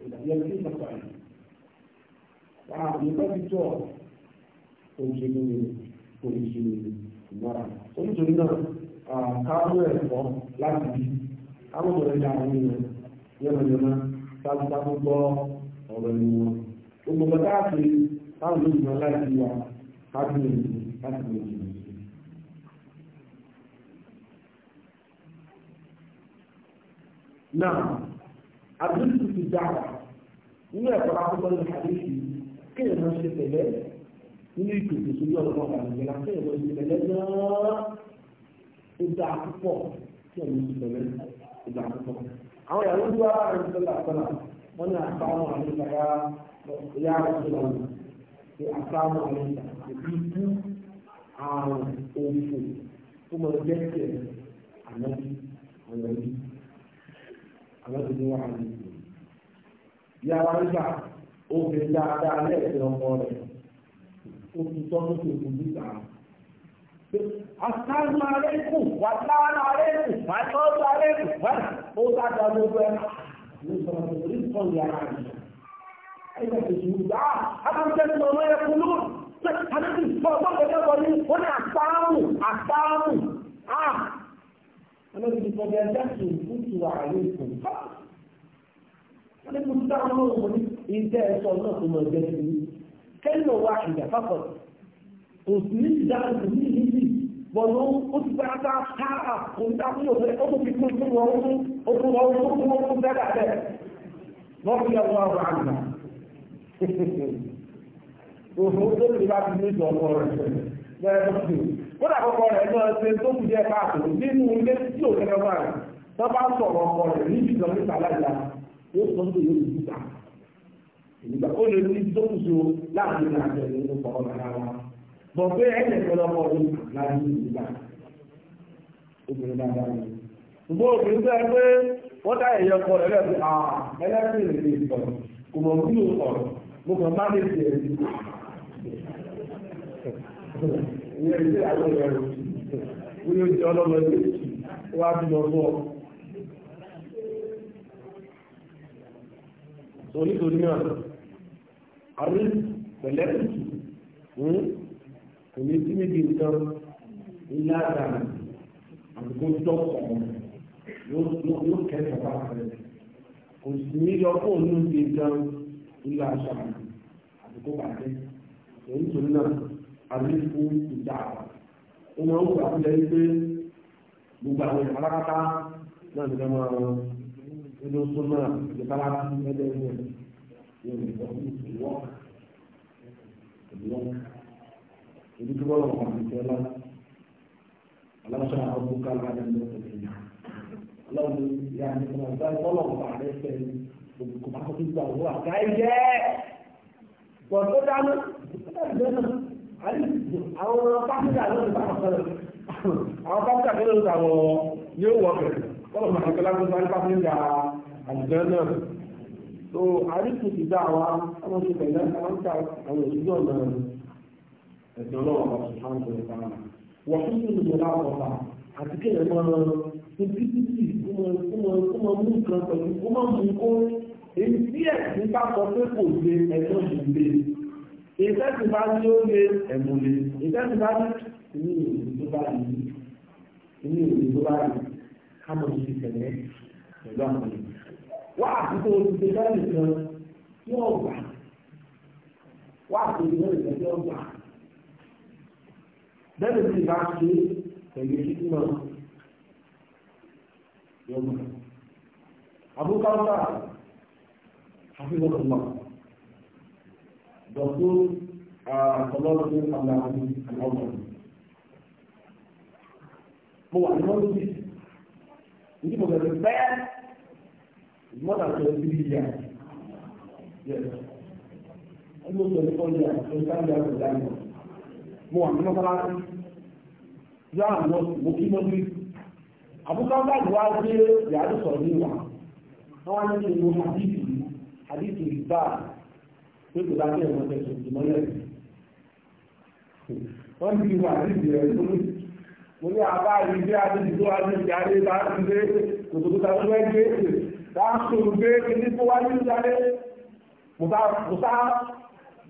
ìdàgbẹ́ tí mo sọ yìí. wà á nípa ti tọ́ òṣèlú òṣèlú ìmọ̀ra onítorí náà káwọn ẹ̀kọ́ láti bí káwọn ọ̀rẹ́ ní àwọn ènìyàn yẹ́nàyẹ́nà sábúsábú gbọ́ ọ̀rọ̀ ẹ̀mí wọn. gbogbo bàtà àti táwọn olóògbé náà láti wà kábíyèsí láti lè jìnnà. Now, àdúgbò ti dára nínú ẹ̀kọ́ lákòókò ní àdéhùn kéèyàn máa ṣe tẹ̀lé nínú ìpèsè sórí ọ̀rọ̀ náà àgbègbè náà kéèyàn máa ṣe tẹ̀lé náà ó dáa púpọ̀ kéèyàn máa ṣe tẹ̀lé ó dáa púpọ̀. àwọn ìyàwó tí wàá rẹ̀ ń tẹ́lẹ̀ àtọ́là wọ́n ní àtàwọn àwọn ìgbàgbà ìyá rẹ̀ tó lọ àtàwọn àwọn ìgbàgbà ìbú àrùn òfò tó mọ̀ àbẹ́tò ní wàhálà ní ìlú. Ìyá wa ń obìnrin dáadáa lẹ́ẹ̀kẹ́ ọkọ rẹ̀ ó fi tọ́jú tó kù níta. Àtàlù àrẹ́kù, wà táwọn àrẹ́kù, wà tọ́jú àrẹ́kù, wà ó Ní sọ̀rọ̀ tó rí sọ̀rọ̀ ti kẹ́kẹ́ kọ ní, ó ní ọlọ́run ti kọjá jáde ìfútu ààrẹ ìfò wọ́n ní kò tó àwọn ọmọ ní ilé ẹ̀sọ́ náà tó mọ̀ ẹgbẹ́ sí i kẹ́lọ̀ wá ìjà pápọ̀ òsì ní ìjà òsì ní ìlú bọ̀lú ó ti bá ta ká àkóńtà fún òfin ó tó fi kún fún wọn ó fún wọn ó fún wọn ó fún bẹ́ẹ̀ bẹ́ẹ̀ wọ́n fi ọwọ́ àwọn àgbà òfin ó tó ti bá ti ní ìjọ ọkọ rẹ̀ bẹ́ẹ̀ bẹ́ẹ̀ kódà kọ́kọ́ rẹ̀ náà ṣe tó kù jẹ́ káàkiri nínú ilé tí ò tẹ́lẹ̀ máa rẹ̀ tó bá sọ̀rọ̀ ọkọ rẹ̀ ní ìjọ níta láìla yóò sọ pé yóò ti ta ìgbà ó lè ní tó kù so láti ní àjọ ìlú tó kọ̀ọ̀ lára wa bọ̀ pé ẹ̀jẹ̀ pẹ̀lú ọkọ rẹ̀ láti ní ìgbà obìnrin dáadáa ni. ṣùgbọ́n obìnrin tó ẹ pé wọ́n dá ẹ̀yẹ ọkọ rẹ̀ lẹ́bi ìyẹn ìdí àwọn ẹ̀rọ wọ́n yóò jẹ́ ọlọ́mọdé wọ́n á bímọ fún ọ. onítorí náà àrí pẹ̀lẹ́pìtì hmm? kò ní sí níbi nǹkan ńlá àgbà àbùkù dọ́kọ̀ yóò kẹ́kọ̀ọ́ bá rẹ̀ kò sì ní yọ kó ní níbi nǹkan ńlá àṣà àbùkù bàjẹ́ onítorí náà àbí fún ìjà àpá ó máa ń gbà fún ẹni pé gbogbo àwọn ìyàrá kátá náà ti dáná àwọn ẹni ó sún náà ìjọba láti ẹgbẹ́ ẹgbẹ́ yóò lè lọ sí ìwọ ìwọ ibi tí bọ́lá wà ní ìjọba aláṣà àwọn kálá ní ọjọ́ ìjọba ọlọ́run ìyá mi ọ̀gá bọ́lá wà ní ẹsẹ̀ òkùnkùn bá kọ́ àwọn pápítà ló ń bá àwọn pápítà ló ń kọ́lọ̀ máa kọ́lá tó sáré pápítà àjùjọ náà so àríkù ti dá wa ọmọ ṣe pẹ̀lú àwọn ìta àwọn ẹ̀sìn ọlọ́wọ́ ọ̀pọ̀ ṣùgbọ́n tó ń wọ́n fún mi lè àti kéèyàn iṣẹ́ ti bá ní ó lé ẹ̀mùlé ti bá ní inú ìròyìn tó bá rí inú ìròyìn tó bá rí kámọ̀ ní ìṣẹ̀lẹ̀ pẹ̀lú àwọn ènìyàn. wá àtúntò olùdíje lẹ́yìn kan yóò gbà wá àtúntò lẹ́yìn kan yóò gbà. bẹ́ẹ̀ ni ìbá ṣe pẹ̀lú títí náà yóò Dr. Ah, Salahuddin Abdulhamid Al-Awwal. Mo wà ní mọ́tò bíi ní mo bẹ̀rẹ̀ bẹ́ẹ̀ mọ́tà tó ń bíi yà. Ẹni mo sọ̀rọ̀ fún yà tó ń sáńdà tó dáná. Mo wà ní mọ́sálásí. Yá àná mo kí mọ́tò. Àbúkọ́ bá ìwà gbé nítorí bá kẹ́lẹ̀ wọn tẹ̀sùn ìmọ́lẹ̀ wọ́n ti wà nídìí rẹ̀ tó ní mo ní àbá yìí bí a tó wájú ìjà lé bá ti dé kòtòkó ta ló fẹ́ gbé èsè bá a sọ̀rọ̀ gbé kíní tó wájú ìjà lé mo sá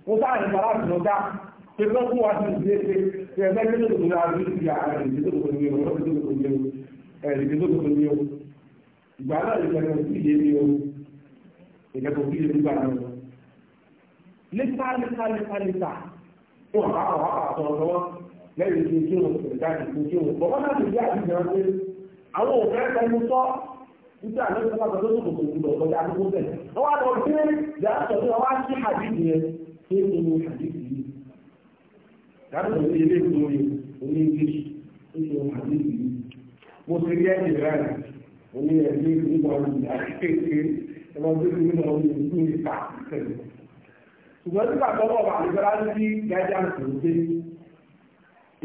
mo sá àyìnbá láti pé lọ́ fún wa ti di èsè pé ẹgbẹ́ ní tó tó ní o ìgbà náà ìgbà tó tó yé mi o ìgbà tó tó yé mi gbà náà lítà lítà lítà lítà tí wọ́n bá àwọn àpàtàn ọ̀dọ́ lẹ́yìn tí kí wọ́n sì dájú tí kí wọ́n bọ́bá láti bí àdìyàn pé àwọn òfin ẹ̀fẹ́ mú sọ títí àlejò bá gbọdọ̀ tó kòkòrò ìlú ọ̀gbọ̀dá àdúgbò bẹ̀. wọ́n á lọ sí ìdájọ́ tí wọ́n wá sí àdìyàn yẹn tí ó ní àdìyàn yìí. dájọ́ tí ilé ìgbòho oní english ó ní àdìyàn yìí. mo ti rí ẹ̀jẹ̀ rẹ̀ oní ẹ̀jẹ̀ ìgbòho àti ìyá kékeré ẹ̀rọ ṣùgbọ́n nígbà tó wọ̀ wà nígbà láti gájà tó dé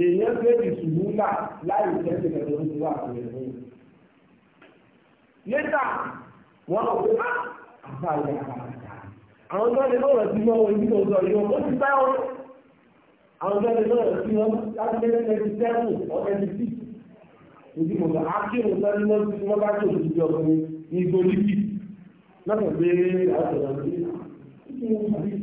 èèyàn gbé ìṣùgbù ńlá láì tẹ́sí ẹ̀rọ tó wà fún ẹ̀rọ. lẹ́tà wọn lọ pé ah, àbá ìyá àbàtà àwọn tó ń lè lọ́rọ̀ sí wọn ojú tó sọ yìí ó ti bá wọn. àwọn tó ń lè lọ́rọ̀ sí wọn láti lé twenty seven or twenty six ojú mo sọ akéwòn náà ni wọ́n ti wọ́n bá tó ojú jọ ní ìgbòlíbì lọ́sọ̀ pé àwọn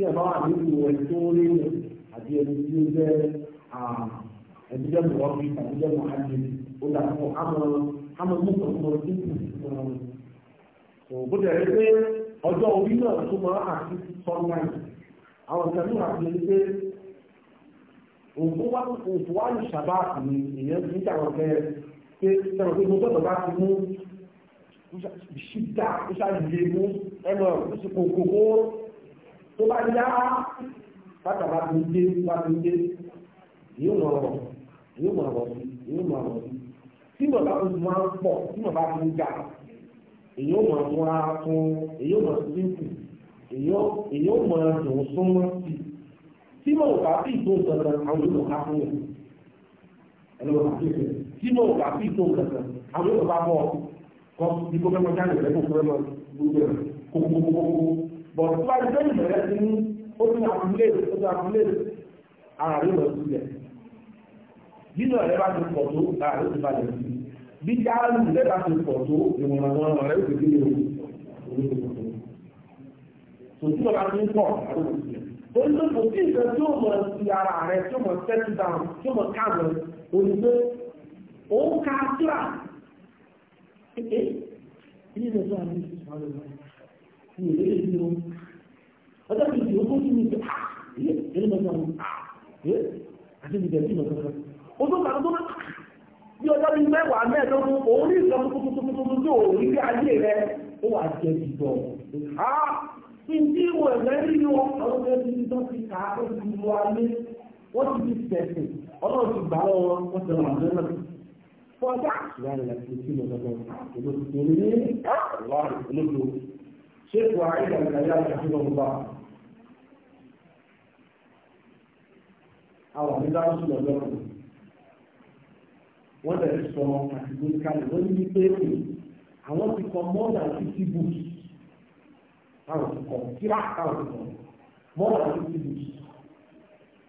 tí ẹ̀ bá wà nínú ẹni tó ń léyìn àti ẹni tí ó jẹ́ ẹni jẹ́ mọ̀ ọ́fì tàbí jẹ́ mọ̀ ájì ó dà fún àmọ́ àmọ́ mọ̀tò mọ̀ tó kù sí bó tẹ̀ pé ọjọ́ orí náà tó máa àti sunlight àwọn ìtàn náà àti ẹni pé òkú wá òkú wá ní sàbáàkì ni èèyàn ti ń tàwọn fẹ́ pé sọ̀rọ̀ pé mo gbọ́dọ̀ bá ti mú ṣídà ó ṣáà lè mú tó bá yá bàtàbà tó dé bá tó dé yóò mọ̀ ọ̀rọ̀ yóò mọ̀ ọ̀rọ̀ sí yóò mọ̀ ọ̀rọ̀ sí tí mo bá tún máa ń pọ̀ tí mo bá tún ga èyí ò mọ̀ fún ara fún èyí ò mọ̀ sínkù èyí ò mọ̀ dùn súnmọ́ sí tí mo bá fi tó dandan àwọn èèyàn ká fún yẹn ẹni mo bá fi tó tí mo bá fi tó dandan àwọn èèyàn bá bọ̀ kọ́ ibi kó fẹ́ mọ jáde rẹ̀ kó fẹ́ gbogbo rẹ̀ kókókókókó bọ̀dù tó bá ti ní ó ní àkúlé ó ti àkúlé ara rẹ̀ lọ sí ilẹ̀ nínú ẹ̀rẹ́ bá ti pọ̀ tó ara rẹ̀ ti balẹ̀ sí bí jáàlù rẹ̀ bá ti pọ̀ tó ìwọ̀n àwọn rẹ̀ ó ti kéde òun ti ń pọ̀ àwọn òṣìṣẹ́ ó ní kò sí ìfẹ́ tí ó mọ̀ sí ara rẹ̀ tí ó mọ̀ settle down tí ó mọ̀ káàmù òyìnbó ó ká síra ní èdè lè fi wọn ọjọ́ kejì ó ah, ah, tó kí ni ah ẹ ẹ lọ́jọ́ mi ah ẹ àti ìbẹ̀rẹ̀ sí ìmọ̀ kankan ó tó kà tó bí ọjọ́ bíi mẹ́wàá mẹ́ẹ̀ẹ́dógún òun ní ìsọ tuntun tó rí bí ayé rẹ ó wà jẹ jùlọ ah ìdí ìwọ̀ ẹ̀fẹ́ nínú ọ̀rọ̀ ẹ̀fẹ́ ti tọ́ sí ká ó ti lu alé wọ́n ti fi tẹ̀sìn ọlọ́run ti gbà lọ́wọ́ wọ́n ti rán àdéhùn fọ́jà ìyá rẹ̀ ti fi lọ́dọ̀ọ́ شيخ وعيد البيان رحمه الله àwọn àmì dáhùn sílẹ̀ lọ́rùn wọ́n bẹ̀rẹ̀ sọ àtìgbò kalẹ̀ wọ́n ní pé àwọn ti kọ more than fifty books ti kọ kíra táwọn ti kọ more than fifty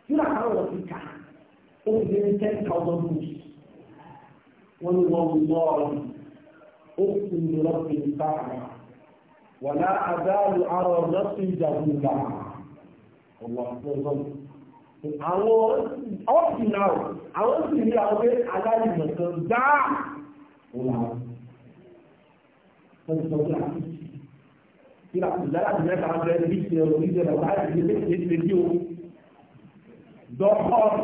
kíra táwọn ti kà ó ti dé ten thousand books wọ́n ní wọ́n wù lọ́ọ̀rọ̀ ó kú ní lọ́ọ̀rọ̀ ní sáà wàlá àdáàlù arọ lọ́sí ìjàgbùnlá àwọn ọ́pìnà àwọn sì ní àwọn pé aláìmọ̀ kan dáa ọ̀la ọ̀sọ̀gbà ìlà ìlàláàbì mẹ́ta ọ̀rẹ́ ní ṣe ọ̀rọ̀ ìjẹ́ ọ̀la ìdílé ìdílé bí o dọ́kọ̀ọ̀rù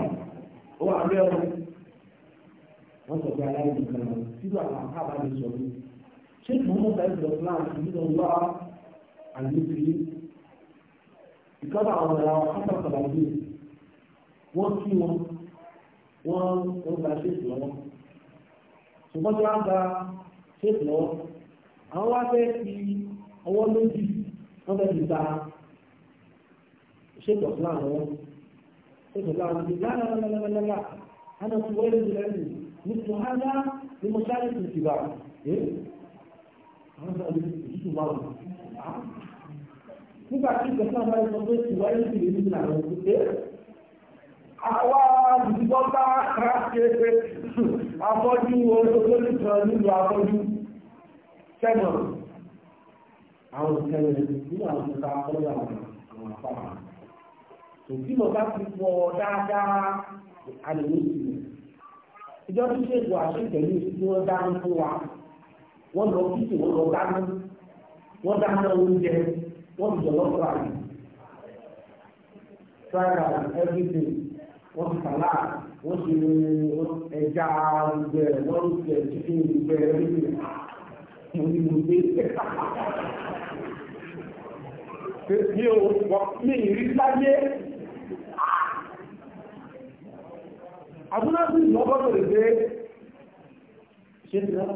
ó wà rẹ́ ọ̀rọ̀ wọ́n sọ pé aláìmọ̀ kan sílò àwọn àkábà ní sọ̀rọ̀ شيخ محمد عبد الرحمن حفظه الله المصري ìkọ́nà àwọn ará ọ̀pọ̀ kọ̀lájú wọ́n kí wọn wọ́n ń gba ṣéèkì lọ́wọ́ ṣùgbọ́n tí wọ́n gba ṣéèkì lọ́wọ́ àwọn wá fẹ́ fi ọwọ́ méjì wọ́n fẹ́ fi gba ṣéèkì ọ̀sán lọ́wọ́ ṣéèkì ọ̀sán lọ́wọ́ lálálálálálá hánà tí wọ́n lè jùlọ ẹ̀sìn ní tùhánà ní mọ̀ṣálẹ̀ tìtìbà àwọn nígbà tí ìjọba bá sọ pé ìwáyé ti lè nílò àwọn òkúté àwa àdìgbò bá ara kéèké afọ́jú olóṣèlú kan nílò afọ́jú kẹ́nà àwọn ìkẹyẹ nínú àwọn ìta afọ́jú àwọn àpáwà òbí mo bá ti pọ̀ dáadáa àlè ní tí ṣètò àṣẹ ìtẹ̀lé wọ́n lọ títì wọ́n lọ dáná wọ́n dáná oúnjẹ wọ́n ti jọ̀lọ́ fúráì fúráì everything wọ́n ti sàlá wọ́n ti ẹja gbẹ wọ́n ti chicken gbẹ everything mo ní mo dé mi ò wọ́n mi ìrí sáyé àbúrò sí ìlú ọgọ́dọ̀ lè dé ṣé ti náà.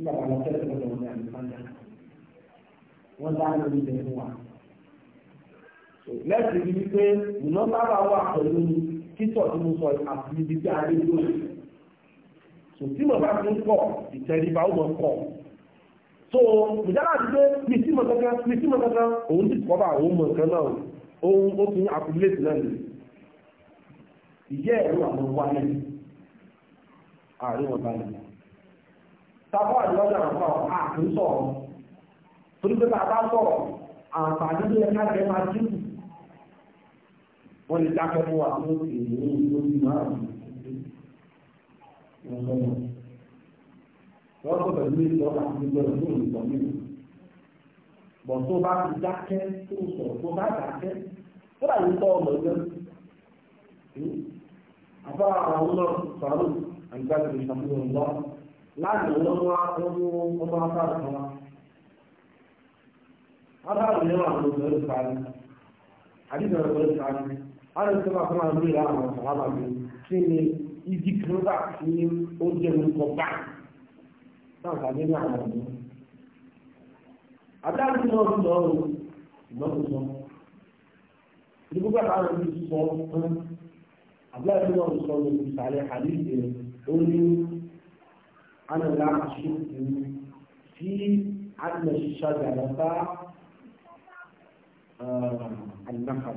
nígbà tí a lọ tẹ́lẹ̀ tó lọ́wọ́ ní àlùfáàjà wọ́n dá lórí ibẹ̀ fún wa. lẹ́sì rí i pé ìná sábà wà pẹ̀lú títọ̀ tí mo sọ àti ibi tí a rí lórí. sò tí mo bá ti kọ̀ ìtẹríba ó mọ̀ kọ̀. so ìjára ti pé mi sí mọ̀ kankan mi sí mọ̀ kankan òun ti kọ́ bá òun mọ̀ nǹkan náà òun ó fi àkúlẹ̀tì náà nìyí. ìyẹ́ ẹ̀rọ àwọn wáyé àárín wọn tábọ̀ àdìlọ́jà àpá àkùn sọ̀rọ̀ torí pé bàbá sọ̀rọ̀ àǹfààní ló yẹ ká máa dínkù wọ́n lè dákẹ́ fún wa tó lórí máa ń lọ wọ́n tó pẹ̀lú ìtọ́ àti ìgbẹ́rù tó lè sọ bọ̀ tó bá ti dákẹ́ tó sọ̀rọ̀ tó bá dákẹ́ tó bá yìí tọ́ ọmọ ẹgbẹ́ àbá àwọn náà sọ̀rọ̀ àgbàdo ìṣàmúlò ńlọ́rọ̀. lánàá ló wá ọmọ ọmọ afárá kan wá afárá bá fún àwọn àwọn kí ni ìdí kan bá ní oúnjẹ mi kọ bá ní àwọn ọ̀dọ́ ọ̀rọ̀ sọ ní gbogbo sọ ní ìsàlẹ̀ أنا لا أشوف إنه في عندنا شجرة رفع آه النخل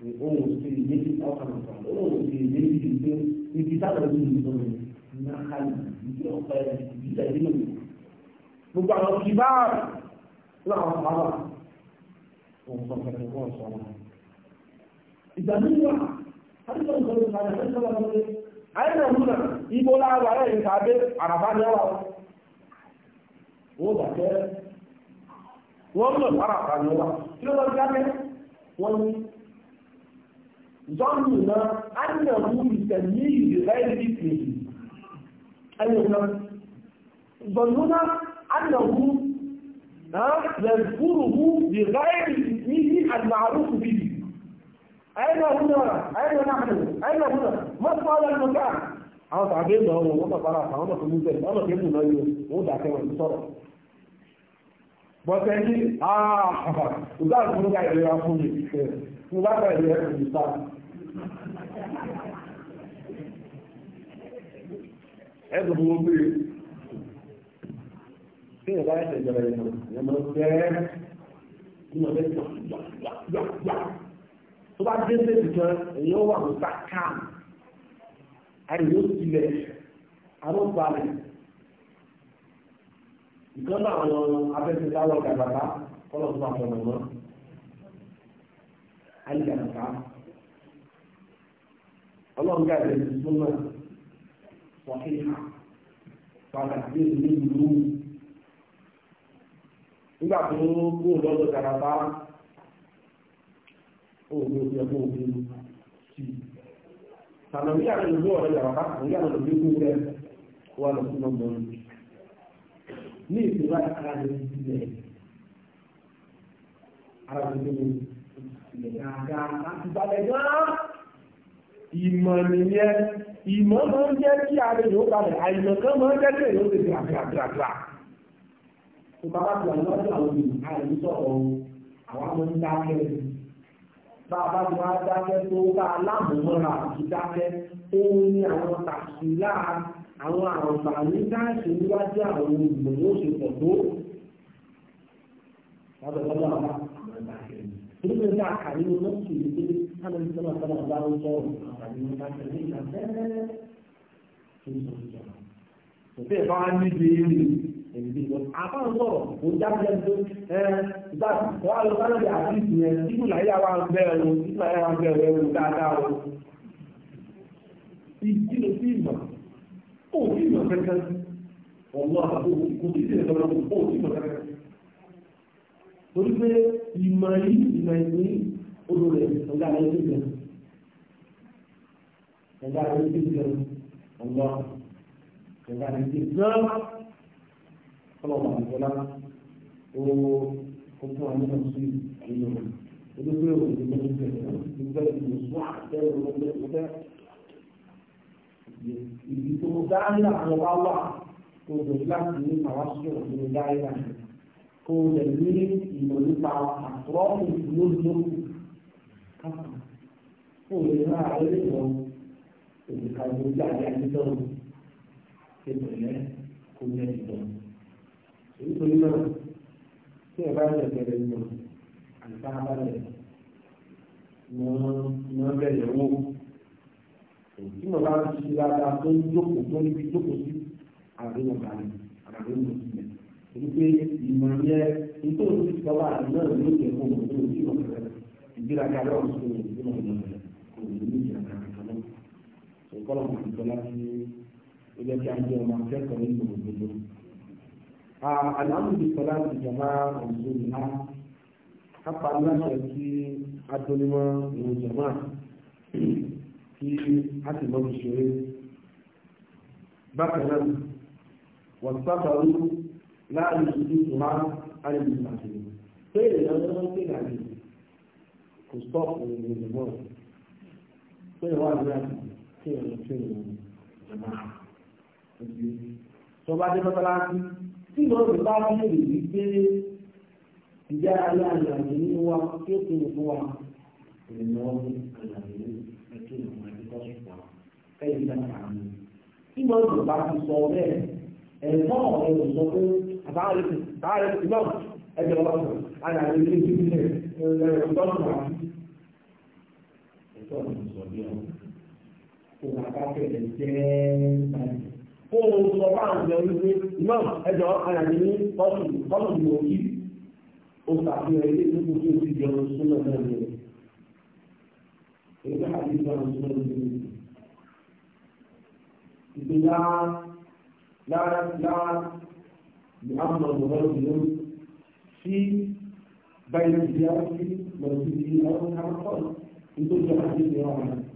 يقوم في يدي أو خمسة يقوم في يدي في يدي في يدي تقدر تقول نخل نخل يدي أو خمسة يدي تقدر تقول نبغى الكبار لا أصلا ونصلي في القرآن إذا نبغى هل تقدر تقول هذا هل تقدر تقول àìsàn múnà ibo láàrù ààrẹ ìtàdé àràbá ní ọwà wọ́n dàkẹ́ wọ́n mọ̀ àràbá ní ọwà kí ló lọ sí dákẹ́ wọ́n ní zọ́nù náà àìsàn mú ìtẹ̀lé ìdè láì sí ìpèsè ẹ̀yìn náà zọ́nù náà àìsàn mú يذكره بغير اسمه المعروف به أين هنا أين نحن أين هنا ما طال المكان àwọn tàbí ìlọ ọrùn wọ́n tàbára àwọn ọmọ tòun tẹ̀lé ọmọ tẹ̀lé ìlọ yìí wọ́n dà kẹwàá ní sọ̀rọ̀ bọ́sẹ̀ ní àhàhà ìgbà fún ìgbà ìlera fún tó bá dé sí ìtàn èyí ó wà ní sákàm àríwó sílẹ̀ àrùnbalẹ̀ ìkan náà àwọn afẹ́fẹ́ sáwọ́ gàbàtà kọ́lọ̀ tó máa fọ̀nà mọ́ alìgàbàtà ọlọ́run gàdé ìsúná wàhíhà padà sí ìlú nígbà tó ń kó lọ́dọ̀ òun ló fi ẹgbẹ́ òun sí i. Àmọ́ bí àwọn ìlú ọ̀rẹ́ yàrá àwọn yàrá lòdì kú rẹ̀ wà lọ sí nọ́mbà rẹ̀. Ní ìtura ara rẹ̀ ti lẹ̀. Ara rẹ̀ ti lẹ̀. Ìlẹ̀ dáadáa láti balẹ̀ náà. Ìmọ̀ nìyẹn. Ìmọ̀ máa ń jẹ́ kí ara yóò balẹ̀. Àìmọ̀ kan máa ń jẹ́ kí èèyàn lè fi àgbàgbàgbà. Ìpapá ti àwọn ọlọ́dún àwọn ènìyàn àìsọ̀rọ̀ àwọn amọ̀ ń dá kẹ́rẹ́ bàbá tí wọ́n dákẹ́ tó ká aláàbòmọ́ra àti dákẹ́ òun ni àwọn tàṣílá àwọn àǹfààní dáàṣì níwájú àwọn olùgbòho ṣe pọ̀ tó. Lábẹ́lọ́dọ̀ bá ní ìbáṣẹ́ yìí ìgbà èyí bí lọ àbáwọn sọ̀rọ̀ kò jáde ẹni tó ẹ ìgbà tó wà lọ sáré àti ìyẹn títù láyé wa bẹ̀rẹ̀ o títù láyé wa bẹ̀rẹ̀ o dáadáa o ìdílé sí ìmọ̀ ó sí ìmọ̀ kankan ọ̀gbọ́n àbúrò kò sí ìdílé sọ̀rọ̀ ó sí ìmọ̀ kankan torí pé ìmọ̀ yìí ìmọ̀ ìpín odò kọlọmọ àgbọlá owó fún wa nínú sí ìlú ojú pé òun ti mẹ́rin bẹ̀rẹ̀ ti bẹ́ẹ̀ ti sún àtẹ́rù lọ́dẹ́ ìdí tó dáhìá àwọn bá wà tó bẹ̀rẹ̀ láti ní àwọn sọ̀rọ̀ tó dáhìá kó lè ní ìmọ̀ nípa àkùrọ̀ lóṣooṣù kó lè rà ayé lọ èdè kan ló jáde àti sọ̀rọ̀ ṣe bẹ̀rẹ̀ kó lè dùn nítorí náà tí ẹ bá yẹ bẹ̀rẹ̀ nù àgbà balẹ̀ mọ bẹ̀rẹ̀ wò tí mo bá ti lára tó ń jókòó tó ń fi jókòó sí àdéhùn balẹ̀ àdéhùn ìbílẹ̀ wípé ìmọ̀ yẹ nítorí tí ìjọba àdúgbò náà ló jẹ fún òun tó ń fi mọ̀ bẹ̀rẹ̀ ìgbéraga lọ́wọ́ sí òun tó mọ̀ bẹ̀rẹ̀ kò ní ní ìjọba kankan náà. ìkọlọ̀ kò ti sọ láti ilé tí a ọmọ akẹ́kọ̀ọ́ nínú òdodo àlàáfíà ìsọ̀lá ti jàmá ọ̀dọ́ ìlà kápá aláṣẹ kí adónímọ̀ ìwọ̀n jàmá kí a sì mọ́ fi ṣeré bákan náà wọ́n sábàrú láàrin ìdí ìtura àìlú àṣírí pé ìlànà wọn pè náà ní kò sọ́ọ̀pù ìrìn mọ́ pé ìwà àdúrà kí ìrìn tó ìrìn jàmá tó bá dé mọ́tàlá sí tí wọ́n ti bá rí èrè wípé ìjà aláàlàyé ní wa tí ó kéwòn fún wa ìrìnà ọdún aláàlàyé ẹtú ìwọ̀n ẹ̀dínkọ́ ṣùgbọ́n kẹ́yìn náà kà á mú. tí wọ́n ti bá ti sọ bẹ́ẹ̀ ẹ̀fọ́ ọ̀rẹ́ sọ pé àbáyé àbáyé ìmọ̀ ẹ̀jẹ̀ lọ́wọ́ aláàlàyé ní ìdílé ìdọ́nù wa. ẹ̀fọ́ ọ̀rẹ́ sọ bí ọ̀ kó o àwọn ọmọ ìlú sí báyìí ìdí sí lọ sí ìdí àwọn ọmọ àti ìdí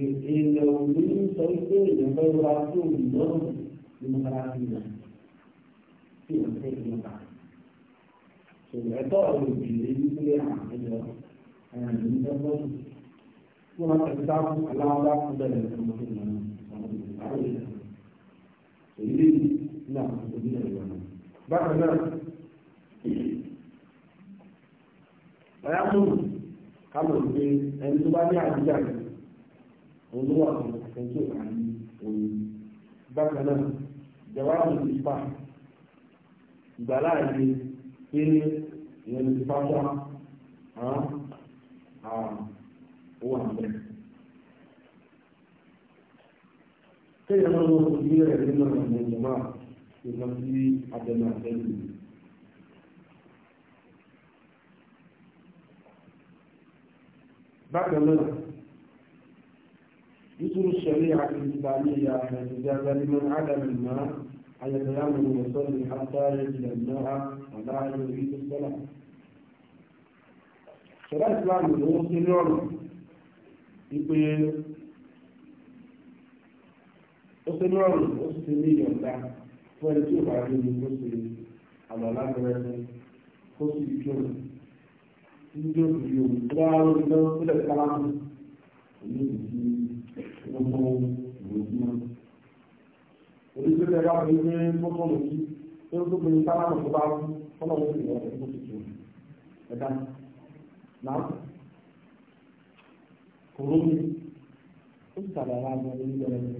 èèyàn ò ní sọ pé èèyàn fẹ́ wá sí òun lọ́rùn ní mọ́sálásí náà tí èèyàn fẹ́ fi ọ̀tà. ṣùgbọ́n ẹ̀tọ́ ọ̀rọ̀ ìbílẹ̀ nílé àwọn ẹ̀yọ ẹ̀rìn ní lọ́sọ̀rọ̀ tí wọ́n ti sá fún aláwọ̀dá fún bẹ̀rẹ̀ fún ọdún náà àwọn ìgbàlódé rẹ̀. èyí lè ní àwọn ìgbàlódé rẹ̀ wọn. bákan náà ọ̀yá tó kálọ̀ pé ẹni tó bá ní àdúgbò olówó àwọn ẹjọ́ àní òyìn bákan náà jawaabu ìfà ìgbàláàyè pé ìyẹn ti fáfá owó àbẹ. kéèyàn náà lọ sí ilé rẹ̀ nínú ọ̀nà ìjọba ìlọ sí abẹnú abẹ́lú. bákan náà ذكر الشريعة الإسلامية أن الإجازة لمن عدم الماء أن يتيمم ويصلي حتى يجد الماء ولا يريد الصلاة. Ṣẹ̀dá ìsìláàmù ló ń sí ní ọ̀nà wípé ó sí ní ọ̀nà ó sì ní ìyọ̀ǹda fún ẹni tí ò bá rí gbogbo ìròyìn náà. Oríṣiríṣi ẹ̀ka pé ní gbogbo òkú tí ó tó gbé sálámù tó bá wú fọ́nà wọ́n sì lọ sí kó tuntun ẹ̀ka náà kòró mi ó sì tàbí ara ẹni ẹni ẹni ẹni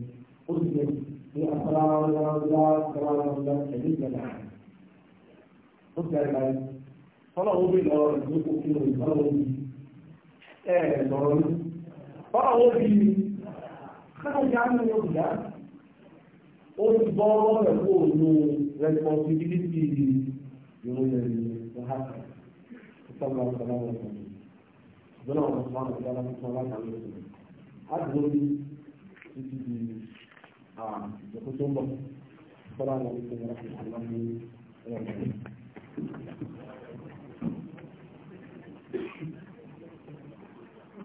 ó sì lè ní asalaamaaleykum asalaamaaleykum ẹni ìgbàlá ó sì ẹ̀ka yìí fọ́nà wọ́n bí lọ́wọ́ rẹ̀ ní kókó rẹ̀ fọ́nà wọ́n bí ẹ̀ fọ́nà wọ́n bí káàkiri àmì yorùbá ó ti bọ́ ọ̀rọ̀ kó o lo responsibility ìròyìn ẹ̀yìn ìhàkà ìtọ́gbà ọ̀sán ọ̀sán ìgbọ́nà ọ̀sán ọ̀sán ọ̀sán ọ̀sán ọ̀sán ọ̀sán ọ̀sán àdúgbò ní títí di ìjọkó